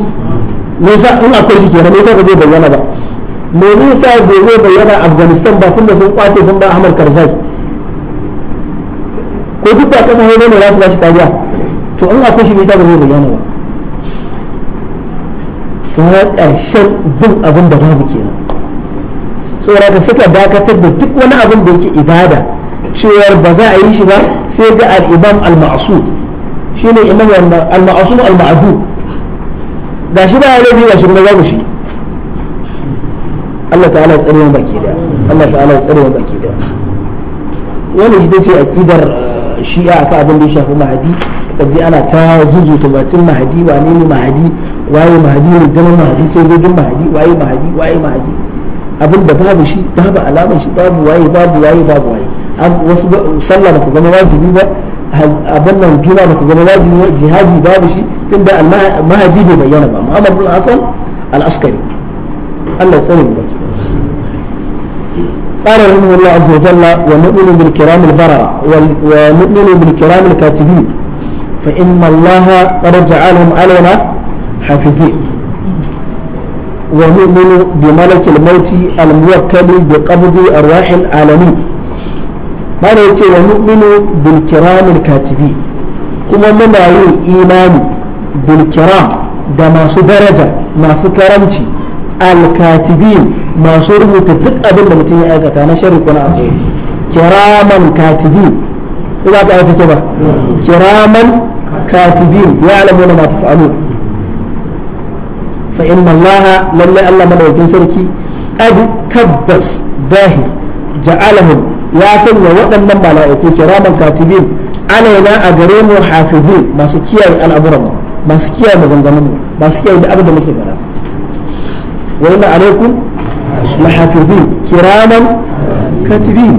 me yasa in akwai shi kenan me yasa ba zai bayyana ba me yasa bai zai bayyana afghanistan ba tun da sun kwace sun ba ahmad karzai ko duk da ƙasar hanyar ne za su ba shi kariya to in akwai shi me yasa ba zai bayyana ba kuma ƙarshen bin abin da babu kenan saboda ka suka dakatar da duk wani abin da yake ibada cewar ba za a yi shi ba sai ga al-imam al-ma'sud shine imam al-ma'sud al-ma'du gashi ba ya rabi gashi kuma babu shi Allah ta'ala ya tsare baki da Allah ta'ala ya tsare mu baki da wanda shi tace akidar uh, shi'a akan abin da ya shafi mahadi kaji ana ta zuzuta batun mahadi wa ne mahadi waye mahadi ne dama mahadi sojojin mahadi waye mahadi waye mahadi abin da babu shi babu alamar shi babu waye babu waye babu waye wasu sallah bata zama wajibi ba abin nan juma bata zama wajibi ba jihadi babu shi tunda mahadi bai bayyana ba muhammad bin hasan al-askari Allah tsare mu baki قال رحمه الله عز وجل ونؤمن بالكرام البررة ونؤمن بالكرام الكاتبين فإن الله قد جعلهم علينا الحافظين ونؤمن بملك الموت الموكل بقبض أرواح العالمين ما نيتي ونؤمن بالكرام الكاتبين كما من إيمان بالكرام da masu daraja masu karamci alkatibin masu rubuta duk abin da mutum ya aikata na sharri ko na alheri kiraman katibin ya fa inna Allah lalle Allah madaukakin sarki qad tabbas dahir ja'alahum ya sanya waɗannan mala'iku kiraman katibin alaina a gare mu hafizi masu kiyaye al'amuran mu masu kiyaye maganganun mu masu kiyaye da abin da muke fara wa inna alaikum lahafizin kiraman katibin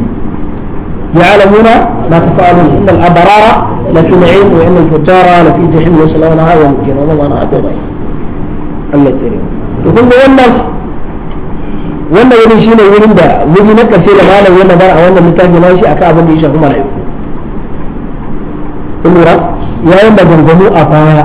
ya ya'lamuna ma tafa'alun innal abrara lafi na'im wa innal fujara lafi jahim wa salawna hawa wa kirama wa na'abada Allah tsere to kun ga wannan wannan wurin shine wurin da wuri na karshe da malam ya magana a wannan littafi na shi akan abin da ya shafi mala'iku kun lura yayin da gangano a baya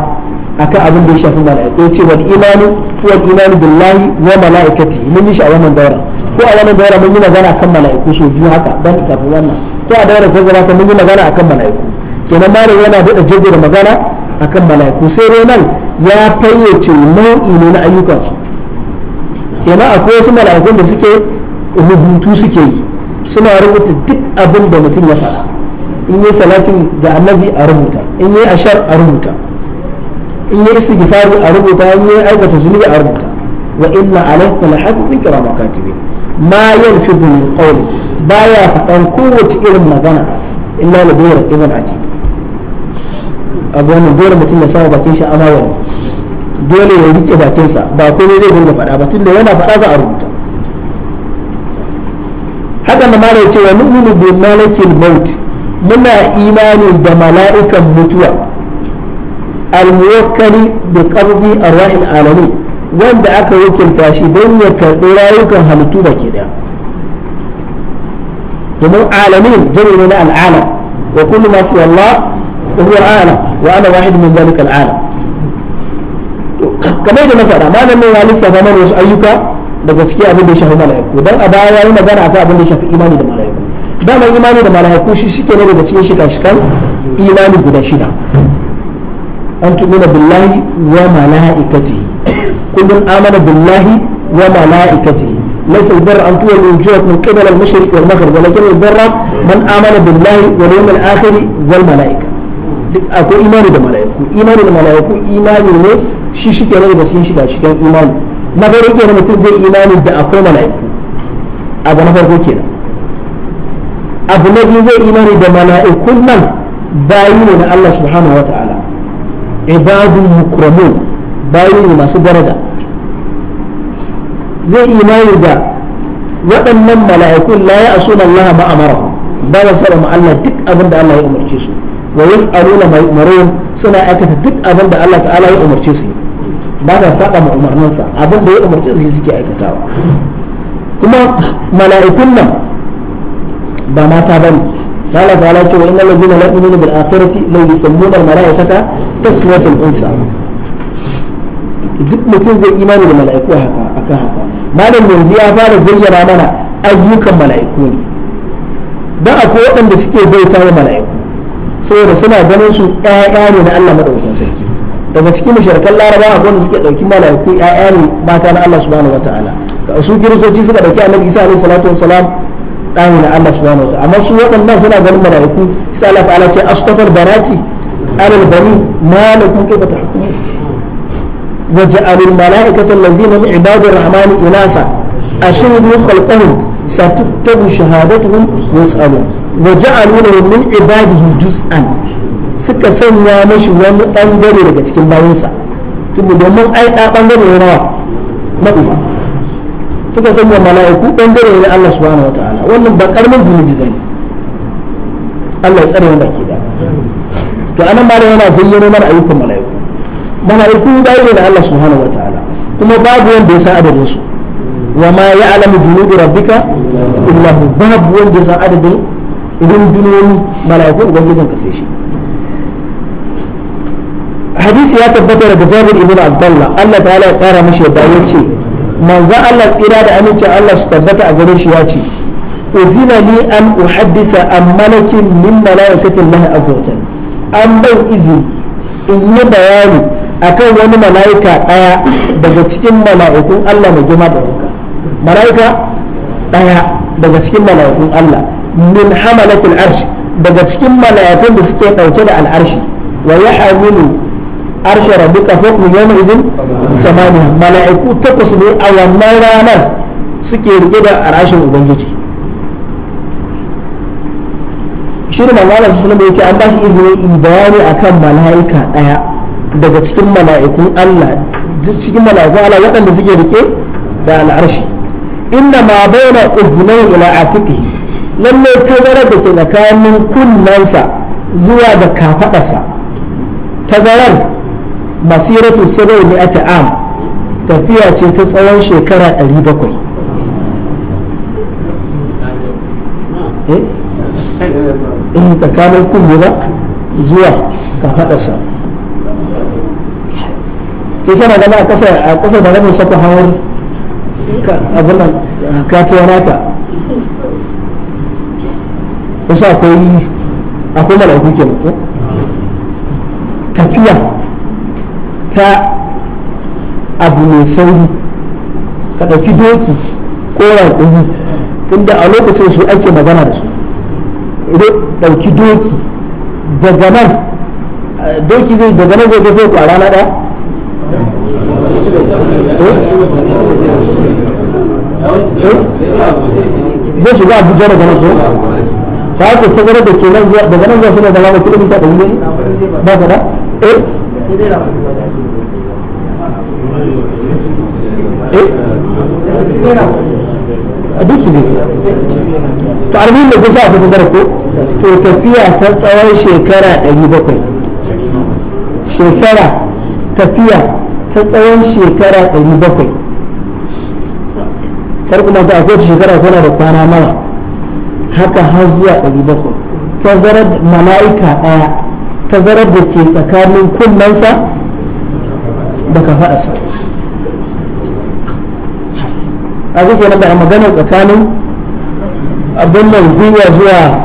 akan abin da ya shafi mala'iku ya ce wal imani wal imani billahi wa malaikati mun yi shi a wannan daura ko a wannan daura mun yi magana akan mala'iku so biyu haka dan kafin wannan ko a daura ta gabata mun yi magana akan mala'iku kenan malam yana da jaddada magana akan mala'iku sai dai nan ya fayyace nau'i ne na ayyukansu kenan akwai wasu mala'ikun da suke rubutu suke yi suna rubuta duk abin da mutum ya faɗa in yi salatin ga annabi a rubuta in yi ashar a rubuta in yi istighfari a rubuta in yi aikata zunubi a rubuta wa inna alaikum kira kirama katibi ma yanfidhu min qawli baya faɗan kowace irin magana illa la bayra ibn atib abu wannan dole mutum ya samu bakin shi wani. dole ya rike bakinsa ba komai zai dinga faɗa ba tunda yana faɗa za a rubuta hakan da malai cewa nu'minu bi malakil maut muna imani da mala'ikan mutuwa al-muwakkali bi qabdi arwahil alamin wanda aka wakilta shi don ya karɓi rayukan halittu baki daya domin alamin jami ne na al'ala wa kullu ma siwa Allah wa huwa alam wa ana wahid kamar da na faɗa malamin ya lissafa mana wasu ayyuka daga cikin abin da ya shafi mala'iku dan a baya yayi magana akan abin da ya shafi imani da mala'iku mai imani da mala'iku shi shike ne daga cikin shika-shikan imani guda shida an tumina billahi wa mala'ikatihi kullun amana billahi wa mala'ikatihi ليس البر أن تولوا وجوهكم من قبل المشرق والمغرب ولكن البر من آمن بالله واليوم الآخر والملائكة أكو إيمان بالملائكة إيمان بالملائكة إيمان shi shi ke daga cikin shiga cikin imani na farko kenan mutum zai imani da akwai mala'iku abu na farko kenan abu na biyu zai imani da mala'ikun nan bayi ne na Allah subhanahu wa ta'ala ibadun mukramun bayi ne masu daraja zai imani da waɗannan mala'ikun la ya asuna Allah ma amara ba za su Allah duk abin da Allah ya umarce su wa yaf'aluna ma yu'marun suna aikata duk abin da Allah ta'ala ya umarce su ba ta saba ma umarninsa abin da ya umarci su suke aikatawa kuma mala'ikun nan ba mata bane قال تعالى وإن الذين لا يؤمنون بالآخرة لو mala'ikata ta تسمية insa duk mutum zai imani da mala'iku haka akan haka malam yanzu ya fara zayyana mana ayyukan mala'iku ne don akwai waɗanda suke bauta wa mala'iku saboda suna ganin su ɗaya ne na Allah madaukakin sarki daga cikin mushrikan laraba akwai wanda suke ɗauki malayaku ƴaƴa ne mata na Allah subhanahu wataala su kiristoci suka dauki annabi Isa alaihi salatu wassalam ɗani na Allah subhanahu wataala amma su waɗannan suna ganin malaiku sai Allah ta'ala ce astafal barati alal bani malakum kaifa tahkumun وجعلوا الملائكة الذين من عباد الرحمن إناثا أشهدوا خلقهم ستكتب شهادتهم ويسألون وجعلوا لهم من عباده جزءا suka sanya mashi wani bangare daga cikin bayansa tunda domin ai ɗa bangare ne rawa na uba suka sanya mala'iku bangare ne Allah Allah subhanahu wataala wannan ba karamin zunubi ne Allah ya tsare wanda ke da to anan malam yana zayyano mana ayyukan mala'iku mala'iku ba ne da Allah subhanahu wataala kuma babu wanda ya san adadin su wa ma ya'lamu junubi rabbika illa babu wanda ya san adadin rundunoni dunoni mala'iku ubangijin ka sai shi hadisi ya tabbata daga Jabir ibn Abdullah Allah ta'ala ya kara mishi yadda ya ce manzon Allah tsira da amincin Allah su tabbata a gare shi ya ce uzina li an uhaddisa an malakin min malaikatin Allah azza wa an bai izini in yi bayani akan wani malaika daya daga cikin mala'ikun Allah mai girma da wanka malaika daya daga cikin mala'ikun Allah min hamalatil arsh daga cikin mala'ikun da suke dauke da al'arshi wa yahmilu arshe rabbika fawqa yawma idhin samaniya mala'iku takwas ne a wannan ranar suke rike da arashin ubangiji shi ne manzala su sulama yake an ba shi izini bayani akan mala'ika daya daga cikin mala'ikun Allah cikin mala'ikun Allah waɗanda suke rike da al'arshi inna ma bayna uzunai ila atiqihi lalle tazarar da ke tsakanin kunnensa zuwa da kafadarsa tazarar masiratu sabai mi'ati am tafiya ce ta tsawon shekara 700 in eh? eh, tsakanin kullu ba zuwa ka sa ke kana gana a ƙasa da rabin saka hawar abin nan kakiya naka wasu akwai akwai mala'iku kenan ko tafiya ta abu mai sauri ka ɗauki doki ko raƙumi inda a lokacin su ake magana da su ɗauki doki daga nan doki zai daga nan zai tafi ku a rana ɗaya eh? Eh? zai shiga abuja daga nan ko ba ku ta zara da ke nan daga nan zai suna da rana kilomita ɗari ne ba ka da eh duki zai to arba'in da kusa a fita zarko to tafiya ta tsawon shekara ɗari bakwai shekara tafiya ta tsawon shekara ɗari bakwai kar kuma ta akwai shekara kuna da kwana nawa haka har zuwa ɗari bakwai tazarar mala'ika ɗaya tazarar da ke tsakanin kunnensa da kafaɗarsa أقول لك أنا a magana tsakanin abin nan gwiwa zuwa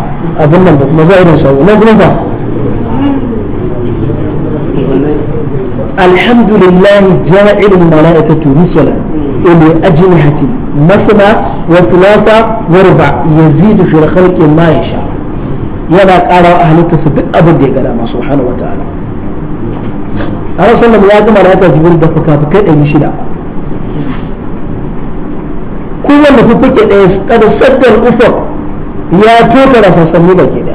abin nan ba kuma zuwa irin sawu الحمد لله جاعل الملائكة رسلا إلى أجنحة مثنى وثلاثة وربع يزيد في الخلق ما يشاء يلا قال أهل تصدق أبدا قال سبحانه وتعالى أنا صلى الله عليه وسلم يا جماعة جبريل دفكا فكا أي شيء kowanne kuke ɗaya kada saddar ufok ya totara sassanni baki da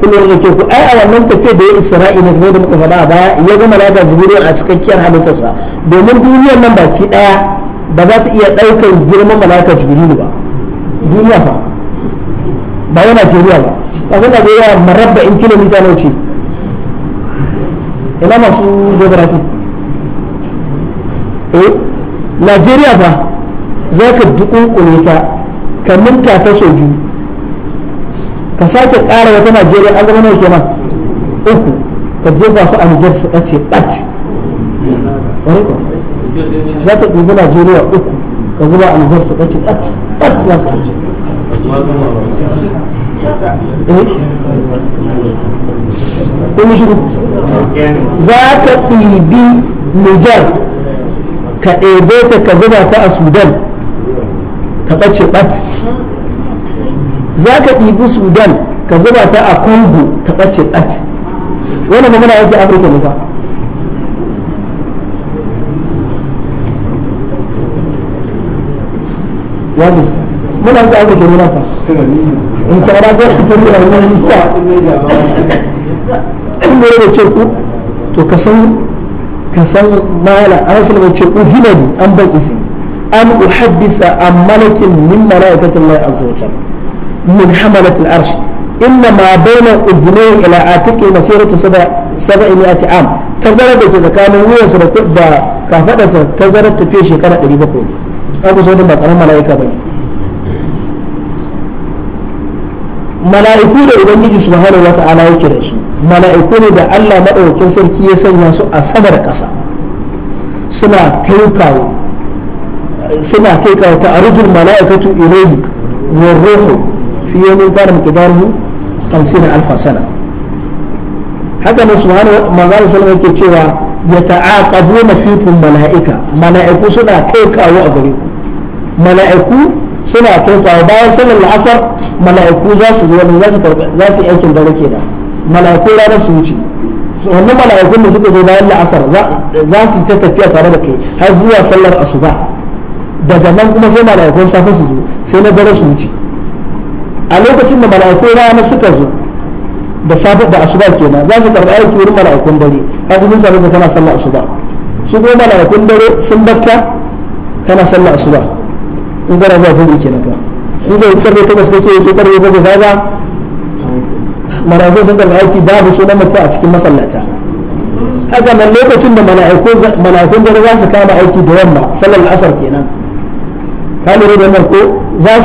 ke da ke ku ai a wannan tafiya da ya isra'i ne kamar da muka faɗa ba ya gama lada jibril a cikakkiyar halittarsa domin duniyar nan baki ɗaya ba za ta iya ɗaukar girman malaka jibril ba duniya fa ba yana Najeriya ba ba ƙasar Najeriya marabba'in kilomita na ce ina masu geography eh najeriya ba za ka dukunkune ta ka minta ta so biyu ka sake ƙara wata najeriya an zama nawa kenan uku ka je ba su a nijar su ɗace ɗat za ka ɗibi najeriya uku ka zuba a nijar su ɗace ɗat ɗat za su ɗace eh? za ka ɗibi nijar ka ɗebe ta ka zuba ta a sudan ka ɓace ɓat za ka ɗibi sudan ka zuba ta a kongo ta ɓace ɓat wannan ba muna yake afirka ne ba wani muna yake afirka ne fa in kyara ta fitar da wani nisa in da ce ku to ka san ka san mala an shi ce uzinani an ban izini an uhaddisa an malakin min malaikatin Allah azza wa jalla min hamalat al-arsh inna ma bayna uznayhi ila atiqi masiratu sab'a sab'ini am tazarar da ke tsakanin wuyansa da kafadarsa tazarar tafiya shekara 700 ne abu so da ba karamin mala'ika bane da ubangiji subhanahu yake da su mala'iku ne da Allah maɗaukin sarki ya sanya su a sama da ƙasa suna kai kawo suna kai kawo ta arjul mala'ikatu ilayhi wa ruhu fi yawmin kana miqdaruhu na alf sana haka ne subhanahu manzo sallallahu yake cewa ya yata'aqabuna fikum mala'ika mala'iku suna kai kawo a gare ku mala'iku suna kai kawo bayan sanin la'asar mala'iku za su zo ne za aikin da rake da mala'iku ranar su wuce wannan mala'ikun da suka zo bayan la'asar za su ta tafiya tare da kai har zuwa sallar asuba daga nan kuma sai mala'ikun safe su zo sai na dare su wuce a lokacin da mala'ikun rana suka zo da safe da asuba kenan za su karɓi aiki wurin mala'ikun dare kaga sun sami kana sallar asuba su kuma mala'ikun dare sun bakka kana sallar asuba in gara zuwa fajr kenan ka in ga karbe takwas kake yake karbe bakwai kaga mala'iku sun karɓi aiki babu sunan mutum a cikin masallata haka nan lokacin da mala'ikun dare za su kama aiki da yamma sallar asar kenan ka lura da nan ko za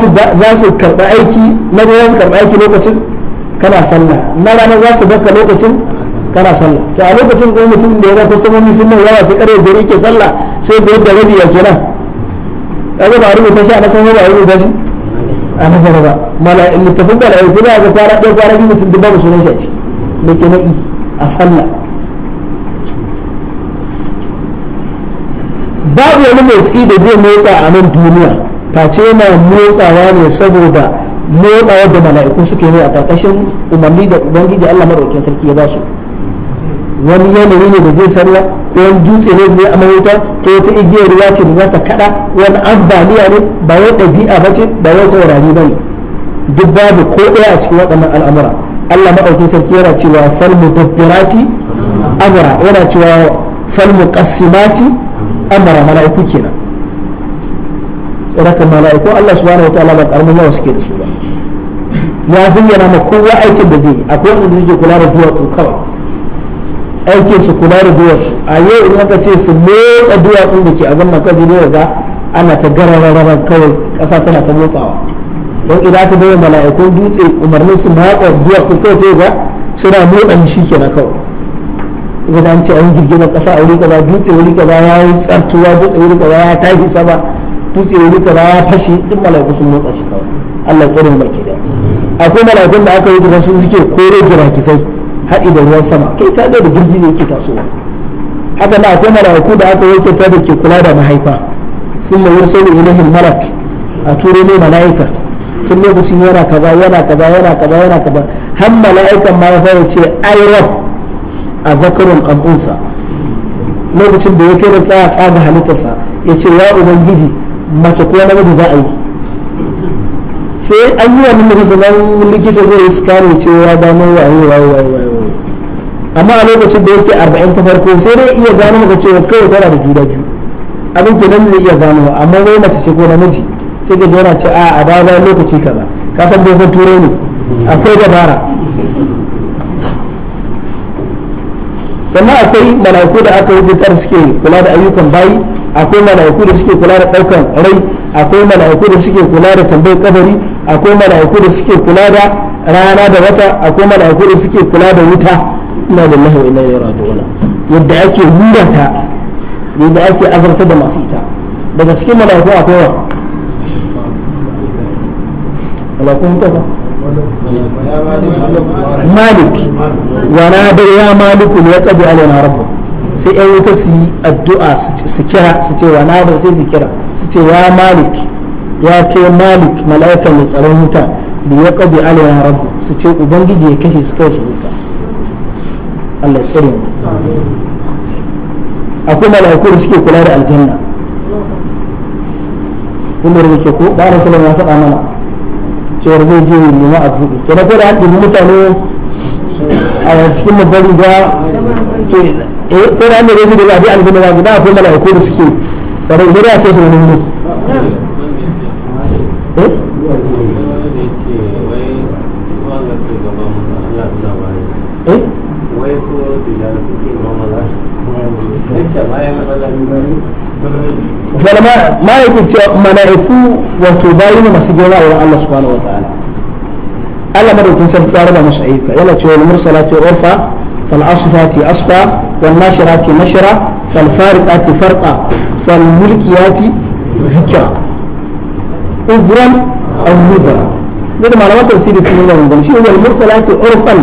su karɓi aiki na za su karɓi aiki lokacin kana sallah na ranar za su baka lokacin kana sallah to a lokacin ko mutum da ya ga kwastomomi sun nan yawa sai kare gari ke sallah sai da yadda rabi ya kenan ya zama a rubuta shi a nasarar ba a rubuta shi a na gaba ba mala littafin mala'iku za ga kwana ɗaya kwana biyu mutum duk babu sunan shi a ciki da ke na'i a sallah babu wani motsi da zai motsa a nan duniya face yana motsawa ne saboda motsawa da mala'iku suke yi a karkashin umarni da ubangiji Allah madaukakin sarki ya ba su wani yanayi ne da zai sallah. wani dutse ne zai amma wuta ko wata igiyar ruwa ce da za ta kada wani ambaliya ne ba wai ɗabi'a ba ce ba wai taurari ba ne duk babu ko ɗaya a cikin waɗannan al'amura Allah maɗaukin sarki yana cewa Falmu dabbirati Amara yana cewa fal muqassimati amra mala'iku kenan tsorakan mala'iku Allah su subhanahu wata ba karamin yawa suke da su ba ya zayyana ma kowa aikin da zai yi akwai wanda zai kula da duwatsu kawai aikin su kula da duwatsu a yau in aka ce su motsa duwatsun da ke abin nan kaji ne ga ana ta gararararar kawai ƙasa tana ta motsawa don idan aka bai mala'ikun dutse umarnin su matsa duwatsun kawai sai ga suna motsa shi kenan kawai ga an ce an girgizar ƙasa a wuri kaza dutse wuri kaza ya yi tsartuwa dutse wuri kaza ya tashi sama dutse wuri kaza ya fashi duk mala'iku sun motsa shi kawai Allah tsirin baki da akwai mala'ikun da aka yi da su suke kore gira kisai haɗi da ruwan sama kai ka ga da jirgi ne yake tasowa haka na akwai mala'iku da aka yake ta da ke kula da mahaifa sun mawar sai da ilahin malak a turo ne mala'ika tun lokacin yana kaza yana kaza yana kaza yana kaza har mala'ikan ma ya fara ce ai rab a zakarun abunsa lokacin da ya kai da tsaya tsaga halittarsa ya ce ya ubangiji mace ko namiji za a yi sai an yi wani mutum sanan likita zai iska ne ce ya gano waye waye wa. amma a lokacin da yake arba'in ta farko sai dai iya gano maka cewa kawai tana da juna biyu abin ke nan zai iya gano amma wai mace ce ko namiji sai ka yana ce a a baya lokaci kaza ka san dogon turai ne akwai dabara sannan akwai mala'iku da aka yi suke kula da ayyukan bayi akwai mala'iku da suke kula da ɗaukan rai akwai mala'iku da suke kula da tambayar kabari akwai mala'iku da suke kula da rana da wata akwai mala'iku da suke kula da wuta inna lillahi wa inna ilaihi raji'un yadda ake hura yadda ake azarta da masu ita daga cikin mala'iku akwai wa mala'ikun ta ba malik wa na da ya maliku ne ya kaji alaina rabbu sai yan wuta su yi addu'a su kira su ce wa na da sai su kira su ce ya malik ya kai malik mala'ika mai tsaron wuta da ya kaji alaina rabbu su ce ubangiji ya kashe su kai shi wuta Allah tsare mu akwai malaiku da suke kula da aljanna kuma da ke ko da rasulun ya faɗa mana cewa zai je yin nema a buɗe ke na da haɗin mutane a cikin mabari riga ke eh ko da an da a da aljanna za ga da akwai malaiku da suke tsaron ya ce su wani فلما ما يكتب ملائكو وتباين ما سيدنا الله سبحانه وتعالى ألا مرد تنسب تعرض مسعيك يلا تقول المرسلات غرفة فالأصفات أصفى والناشرات نشرة فالفارقات فرقة أو نذرا لذا ما لم تنسيب سيدنا الله عندهم شيء هو المرسلات غرفة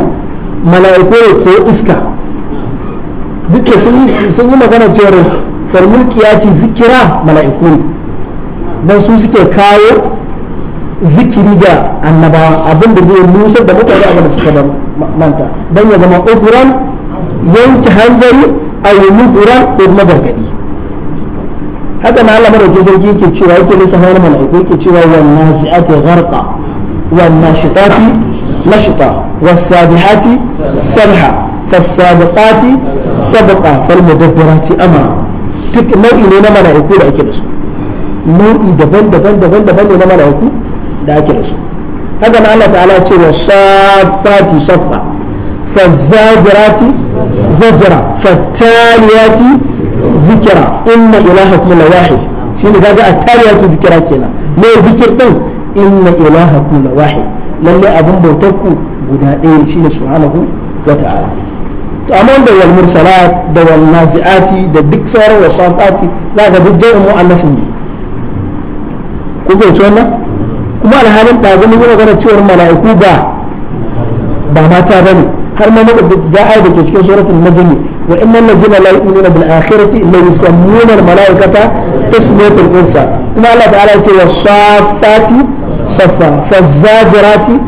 duka sun yi magana cewar farmulkiya ce zikira mala'iku ne don su suke kawo zikiri ga annabawa abin da zai nusar da mutane abin da suka manta don ya zama ufuran yanki hanzari a yi nufuran ko kuma gargaɗi haka na Allah madaukin sarki yake cewa yake nisa hawar mala'iku yake cewa wannan si'ati gharqa wannan shitati nashita wasabihati sabha fasabqati sabqa fal mudabbirati amra duk nau'i da ake da su nau'i daban-daban daban-daban ne na mala'iku da ake da su haka na Allah ta'ala ce wa safati saffa fazajirati zajira fattaliyati zikira inna ilahakum la wahid shine kaga attaliyati zikira kenan me zikir ɗin inna ilahakum la wahid lalle abin bautar ku guda ɗaya shine subhanahu wa ta'ala تأمون دو المرسلات دو النازئات دو الدكسر والصابات لا قد جاي مؤلفني كنت تقول لنا كما الحالي تازم يقول لنا تشور ملائكو با بامات بني هل ما نقول جاء عيدة تشكي سورة المجمي وإن الذين لا يؤمنون بالآخرة لا يسمون الملائكة تسمية الأنثى كما الله تعالى تقول الصافات صفا فالزاجرات صفا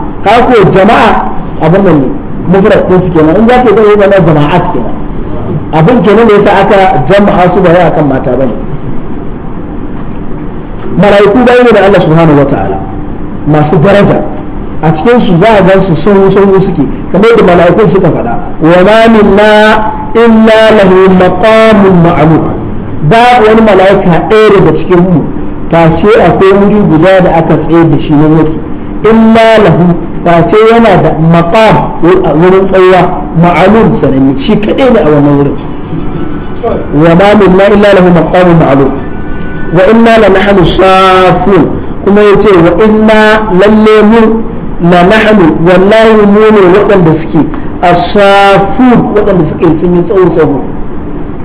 kako jama'a abin nan ne mufrad din su kenan in za ka ga wannan jama'at kenan abin kenan ne yasa aka jama'a su bai akan mata bane mala'iku bai ne da Allah subhanahu wataala masu daraja a cikin su za a gan su sun sun suke kamar yadda mala'ikun suka faɗa wa ma minna illa lahu maqamun ma'lum babu wani mala'ika ɗaya daga cikin mu ta ce akwai wuri guda da aka tsaye da shi ne yake illa lahu face yana da maqam wurin tsayuwa ma'alum sananne shi kadai ne a wannan wurin wa ma min ma illa lahu maqamun ma'lum wa inna la nahnu safun kuma yace wa inna lalle mu la nahnu wallahi mu ne waɗanda suke asafun waɗanda suke sun yi tsawo tsawo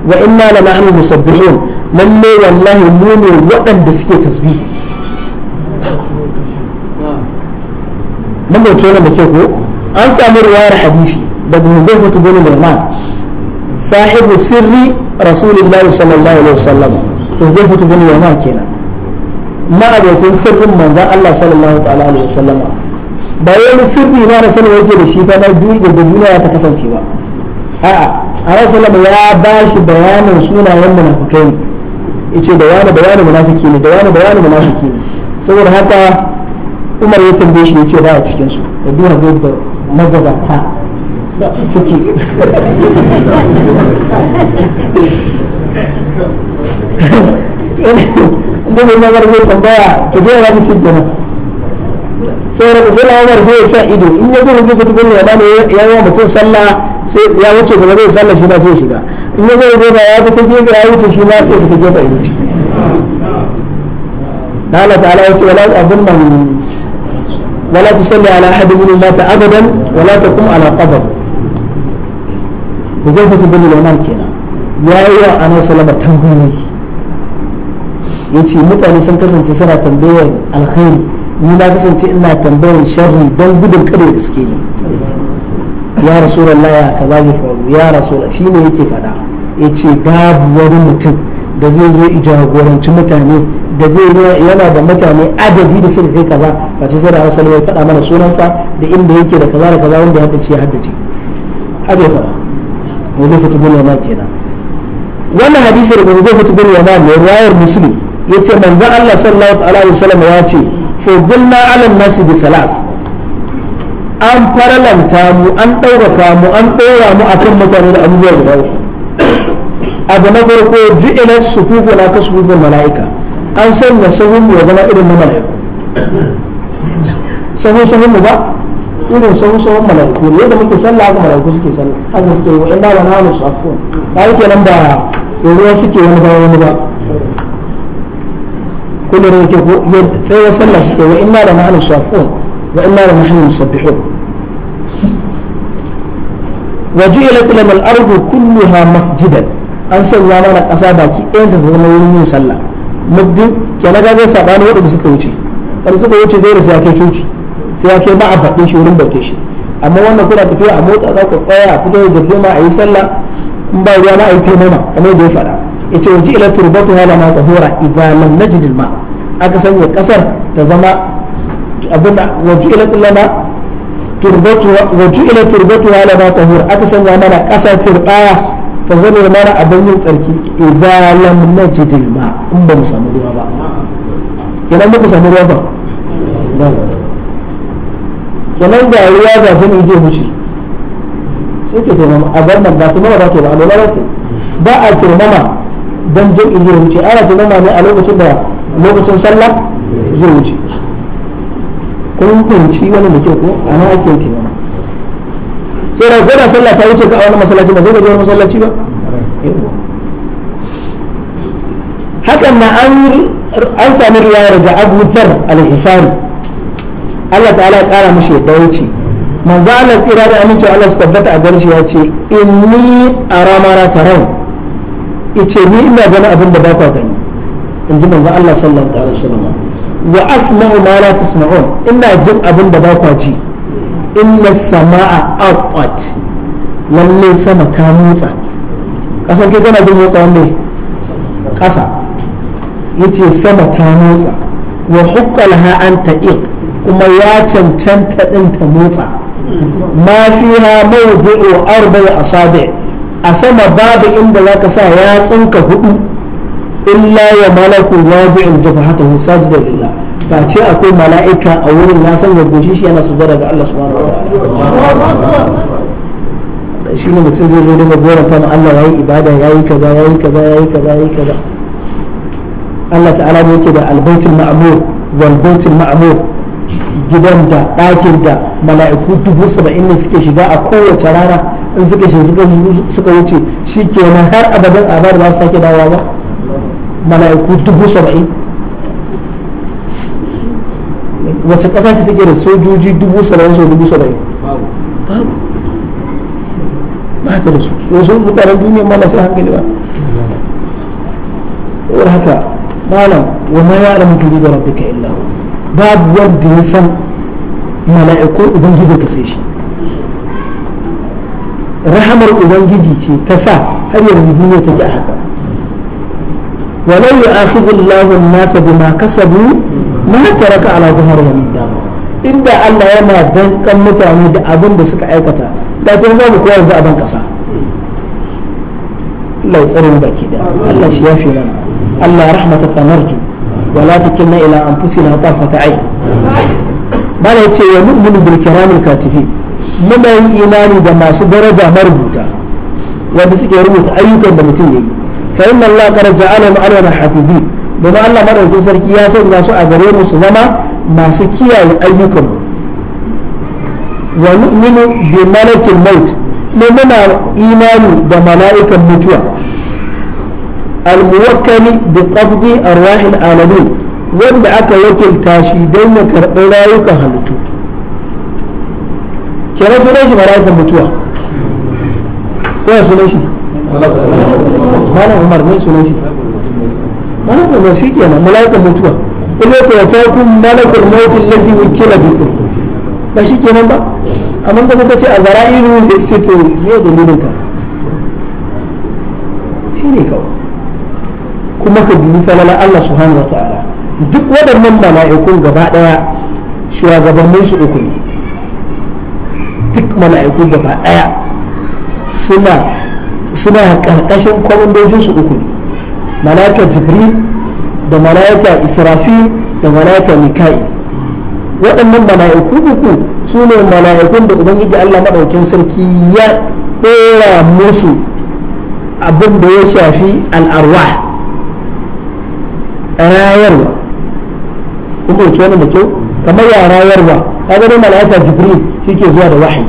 wa inna la nahnu musabbihun lalle wallahi mu ne waɗanda suke tasbihi mun da tona da kyau ko an samu ruwayar hadisi daga Hudayfa ibn Nu'man sahibu sirri Rasulullahi sallallahu alaihi wasallam Hudayfa ibn Nu'man kenan ma'aikatan sirrin manzon Allah sallallahu ta'ala alaihi wasallam ba wani sirri na rasul yake da shi fa na duniya da duniya ta kasance ba a'a a sallama ya ba shi bayanin sunayen munafikai ne yace da wani da wani munafiki ne da wani da wani munafiki ne saboda haka umar ya tambaye shi ya ce baya cikin su da duwa da magabata suke inda mai nazar zai tambaya ta biya wani cikin nan saboda ka sai umar sai ya sa ido in ya gudu gudu gudu ya bani ya yi wa mutum sallah sai ya wuce gaba zai sallah shi ba sai shiga in ya gudu gudu ya fita gefe ya wuce shi ba sai fita gefe ya wuce Allah ta'ala ya ce wala abin nan ولا تصلي على أحد منهم مات أبدا ولا تقوم على قبر وزيفة بن اليمان كينا يا أيها أنا سلامة تنبوني yace mutane sun kasance suna tambayar alkhairi ni na kasance ina tambayar sharri don gudun kada da suke ni ya rasulullah ya kaza ya faru ya rasulullah shine yake fada yace babu wani mutum da zai zo i jagoranci mutane da zai yana da mutane adadi da suka kai kaza face sai da hausa ya faɗa mana sunansa da inda yake da kaza da kaza wanda ya haddace ya haddace haka ya faɗa wani fitu bin yaman kenan wannan hadisi daga zai fitu bin yaman ne rayar muslim ya ce manzan allah sallallahu alaihi wasallam ya ce fudulna alam nasi bi salas an faralanta mu an ɗauraka mu an ɗora mu akan mutane da abubuwa da yawa abu na farko ju'ilar sufufuna ka sufufun mala'ika an sanya sahun mu ya zama irin na mala'iku sahun sahun mu ba irin sahun sahun mala'iku ne yadda muke sallah haka mala'iku suke sallah haka suke wa inna la nahnu saffun ba yake nan ba ruwa suke wani bayan wani ba kullum da yake sai wa sallah suke wa inna la nahnu saffun wa inna la nahnu musabbihun وجعلت لنا الأرض كلها مسجدا أنسى الله لنا قصابك أنت تظلمون من صلى muddin kenan ga zai sabani waɗanda suka wuce wanda suka wuce dole sai ya kai coci sai ake ba a baɗin shi wurin bauta shi amma wannan kuna tafiya a mota za ku tsaya a fito da girma a yi sallah in ba ruwa na a yi taimama kamar da ya faɗa ya ce waje ila turbatu hala ma tahura idan lam najidil ma aka sanya kasar ta zama abin waje ila lana turbatu waje ila turbatu hala ma tahura aka sanya mana kasa turbaya fa zama mana abin yin tsarki idza lam najid al ma in ba mu samu ruwa ba kenan muka samu ruwa ba kenan ga ruwa ga jini zai wuce sai ke taimama a garman ba taimama ba ke ba alola ba ke ba a taimama don jini zai wuce ana taimama ne a lokacin da lokacin sallah zai wuce kun fahimci wani da ke ko ana ake taimama sai da gwada sallah ta wuce ka a wani masallaci ba sai da wani masallaci ba hakan na an sami riwaya daga abu dhar Allah ta'ala ya kara mishi yadda ya ce manzo Allah tsira da amincin Allah su tabbata a garshi ya ce inni ara mara tarau ice ni ina ganin abin da ba ku gani in ji manzo Allah sallallahu alaihi wasallam wa asma'u ma la tasma'un ina jin abin da ba ku ji inna sama'a aqat lalle sama ta motsa kasan ke kana jin motsa ne? kasa yace sama ta motsa wa hukkalha an ta'iq kuma ya cancanta din ta motsa ma fiha mawdi'u arba'i asabi' a sama babu inda zaka sa sa yatsunka hudu illa ya malaku wadi'in jabhatahu sajda lillah ba ce akwai mala'ika a wurin na san goshin shi yana sujada ga Allah subhanahu wa ta'ala shi ne mutum zai zo dinga goranta ta Allah yayi ibada yayi kaza yayi kaza yayi kaza yayi kaza Allah ta'ala ne yake da albaitul ma'mur wal baitul ma'mur gidan da ɗakin da mala'iku dubu saba'in ne suke shiga a kowace rana in suka shi suka wuce shi kenan har abadan abar ba su sake dawowa ba mala'iku dubu saba'in wace ƙasa ce take da sojoji dubu saba'in sau dubu saba'in ba ta da su wasu mutanen duniya ma na sai hankali ba saboda haka malam wa ma ya alamu juri da ka illa babu wanda ya san mala'iku ubangiji ka sai shi rahamar ubangiji ce ta sa har yanzu duniya take a haka walau ya akhidhu Allahu an-nasa bima kasabu mun taraka ala zuhar wa min inda Allah yana dankan mutane da abin da suka aikata da ta zama ko yanzu a ban kasa Allah ya tsare baki da Allah shi yafi mana Allah rahmataka narju wala ta takilna ila anfusina tarfata ayn bala yace wa mu'minu bil kiramil katibin muna yin imani da masu daraja marubuta wanda suke rubuta ayyukan da mutum yayi fa inna Allah qad ja'ala ma'ana hafizin domin Allah madaukakin sarki ya sanya su a gare mu su zama masu kiyaye ayyukan wa nu'minu bi malakil maut muna imani da mala'ikan mutuwa al-muwakkali bi qabdi arwahil alamin wanda aka wakilta shi don ya karɓi rayukan halittu kira sunan shi mala'ikan mutuwa ko sunan shi malam umar sunan shi wani kuma shi kenan mala'ikan mutuwa kuma ta wafa kun malakul mautin lafi wakila bi ba shi kenan ba amma da kuka ce a zara'ilu da su to ne dalilin ka shi ne kawai kuma ka dubi falala Allah subhanahu wa ta'ala duk waɗannan mala'ikun gaba ɗaya shugabannin su uku ne duk mala'iku gaba ɗaya suna suna ƙarƙashin kwamandojin su uku ne malaika jibril da malaika israfil da malaika mika'i waɗannan mala'iku uku su ne mala'ikun da ubangiji allah maɗaukin sarki ya ɗora musu abin da ya shafi al'arwa rayarwa kuma yake wani da kyau kamar ya rayarwa kaga dai mala'ika jibril shi ke zuwa da wahayi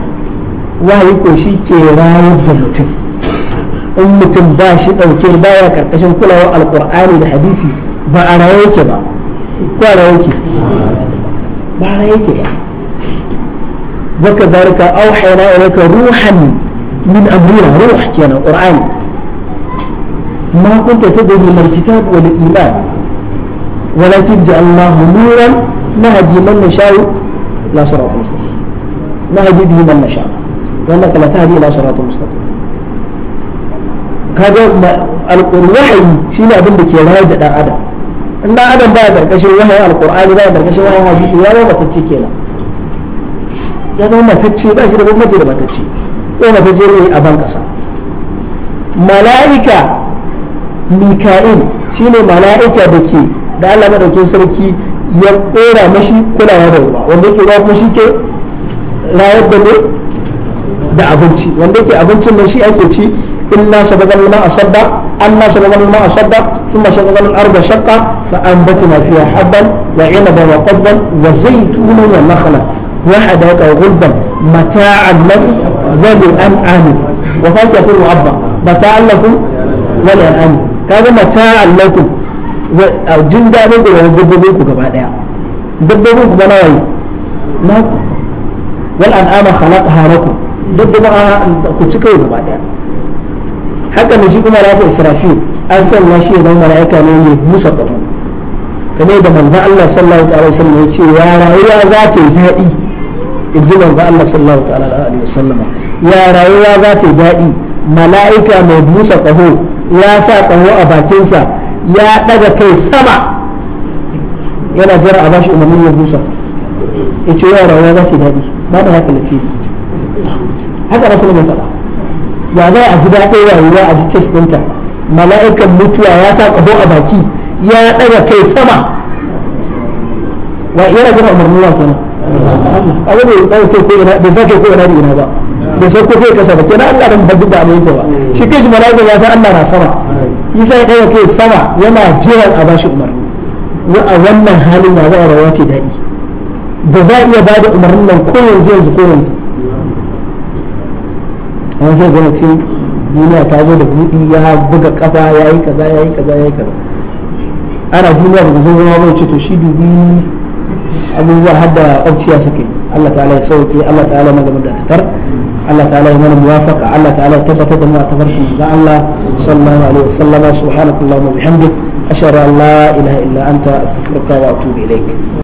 wahayi ko shi ke rayar da mutum أمة باشي أو shi ɗauke baya karkashin kulawa alkur'ani da hadisi يكبا a raye yake ba وكذلك أوحينا إليك روحا من أمرنا روح كان القرآن ما كنت تدري من الكتاب والإيمان ولكن جعلناه نورا نهدي من نشاء لا صراط مستقيم نهدي به من نشاء وأنك لا تهدي إلى صراط مستقيم kaga alƙur'ani shine abin da ke rayar da ɗan adam in dan adam baya karkashin wahayin alƙur'ani baya karkashin wahayin hadisi ya zama matacce kenan ya zama matacce ba shi da gwamnati da matacce ko matacce ne a ban kasa mala'ika mika'il shine mala'ika da ke da Allah madaukin sarki ya kora mashi kulawa da ruwa wanda yake ruwa kuma shi ke rayar da ne da abinci wanda yake abincin nan shi ake ci إنا صببنا الماء صبا أنا صببنا الماء صبا ثم صببنا الأرض شقا فأنبتنا فيها حبا وعنبا وقضبا وزيتونا ونخلا وحدة وغلبا متاعا لكم وللأنعام وفاكهة وعبا متاعا لكم وللأنعام كذا متاعا لكم جندا بيكو ودبوكو كبعد يا دبوكو بناوي ماكو والأنعام خلقها لكم دبوكو كتكو كبعد يا haka da shi kuma rafi israfil an sanya shi idan mala'ika ne mai busa kwato kame da manzan Allah sallallahu alaihi wasallam ya ce ya rayuwa za ta yi daɗi in ji manzan Allah sallallahu alaihi wasallam ya rayuwa za ta yi daɗi mala'ika mai busa ƙaho ya sa ƙaho a bakinsa ya ɗaga kai sama yana jira a bashi umarnin ya busa ya ce ya rayuwa za ta yi daɗi ba da haka na ce haka rasulun ya faɗa ya za a ji daɗin rayuwa a ji test mala'ikan mutuwa ya sa ƙaho a baki ya ɗaga kai sama wa yana gama umarni wa kenan a wani ɗaga kai ko ina bai sake ko ina da ina ba bai sai ko kai kasa ba kenan Allah da bagin da amince ba shi kai shi mala'ikan ya san Allah na sama isa ya ɗaga kai sama yana jiran a bashi umarni a wannan halin ya za a rawa ce daɗi da za a iya ba da umarnin nan ko yanzu yanzu ko yanzu wani zai ga mutum duniya ta zo da buɗi ya buga kafa ya yi kaza ya yi kaza ya yi kaza ana duniya ba zo zama bai ce to shi dubi abubuwa har da ƙwabciya suke Allah ta'ala ya sauke Allah ta'ala na gaba da katar Allah ta'ala ya mana muwafaka Allah ta'ala ya tabbatar da mu a tabarkin da Allah sallallahu alaihi sallama subhanakallahumma bihamdik ashhadu an la ilaha illa anta astaghfiruka wa atubu ilaik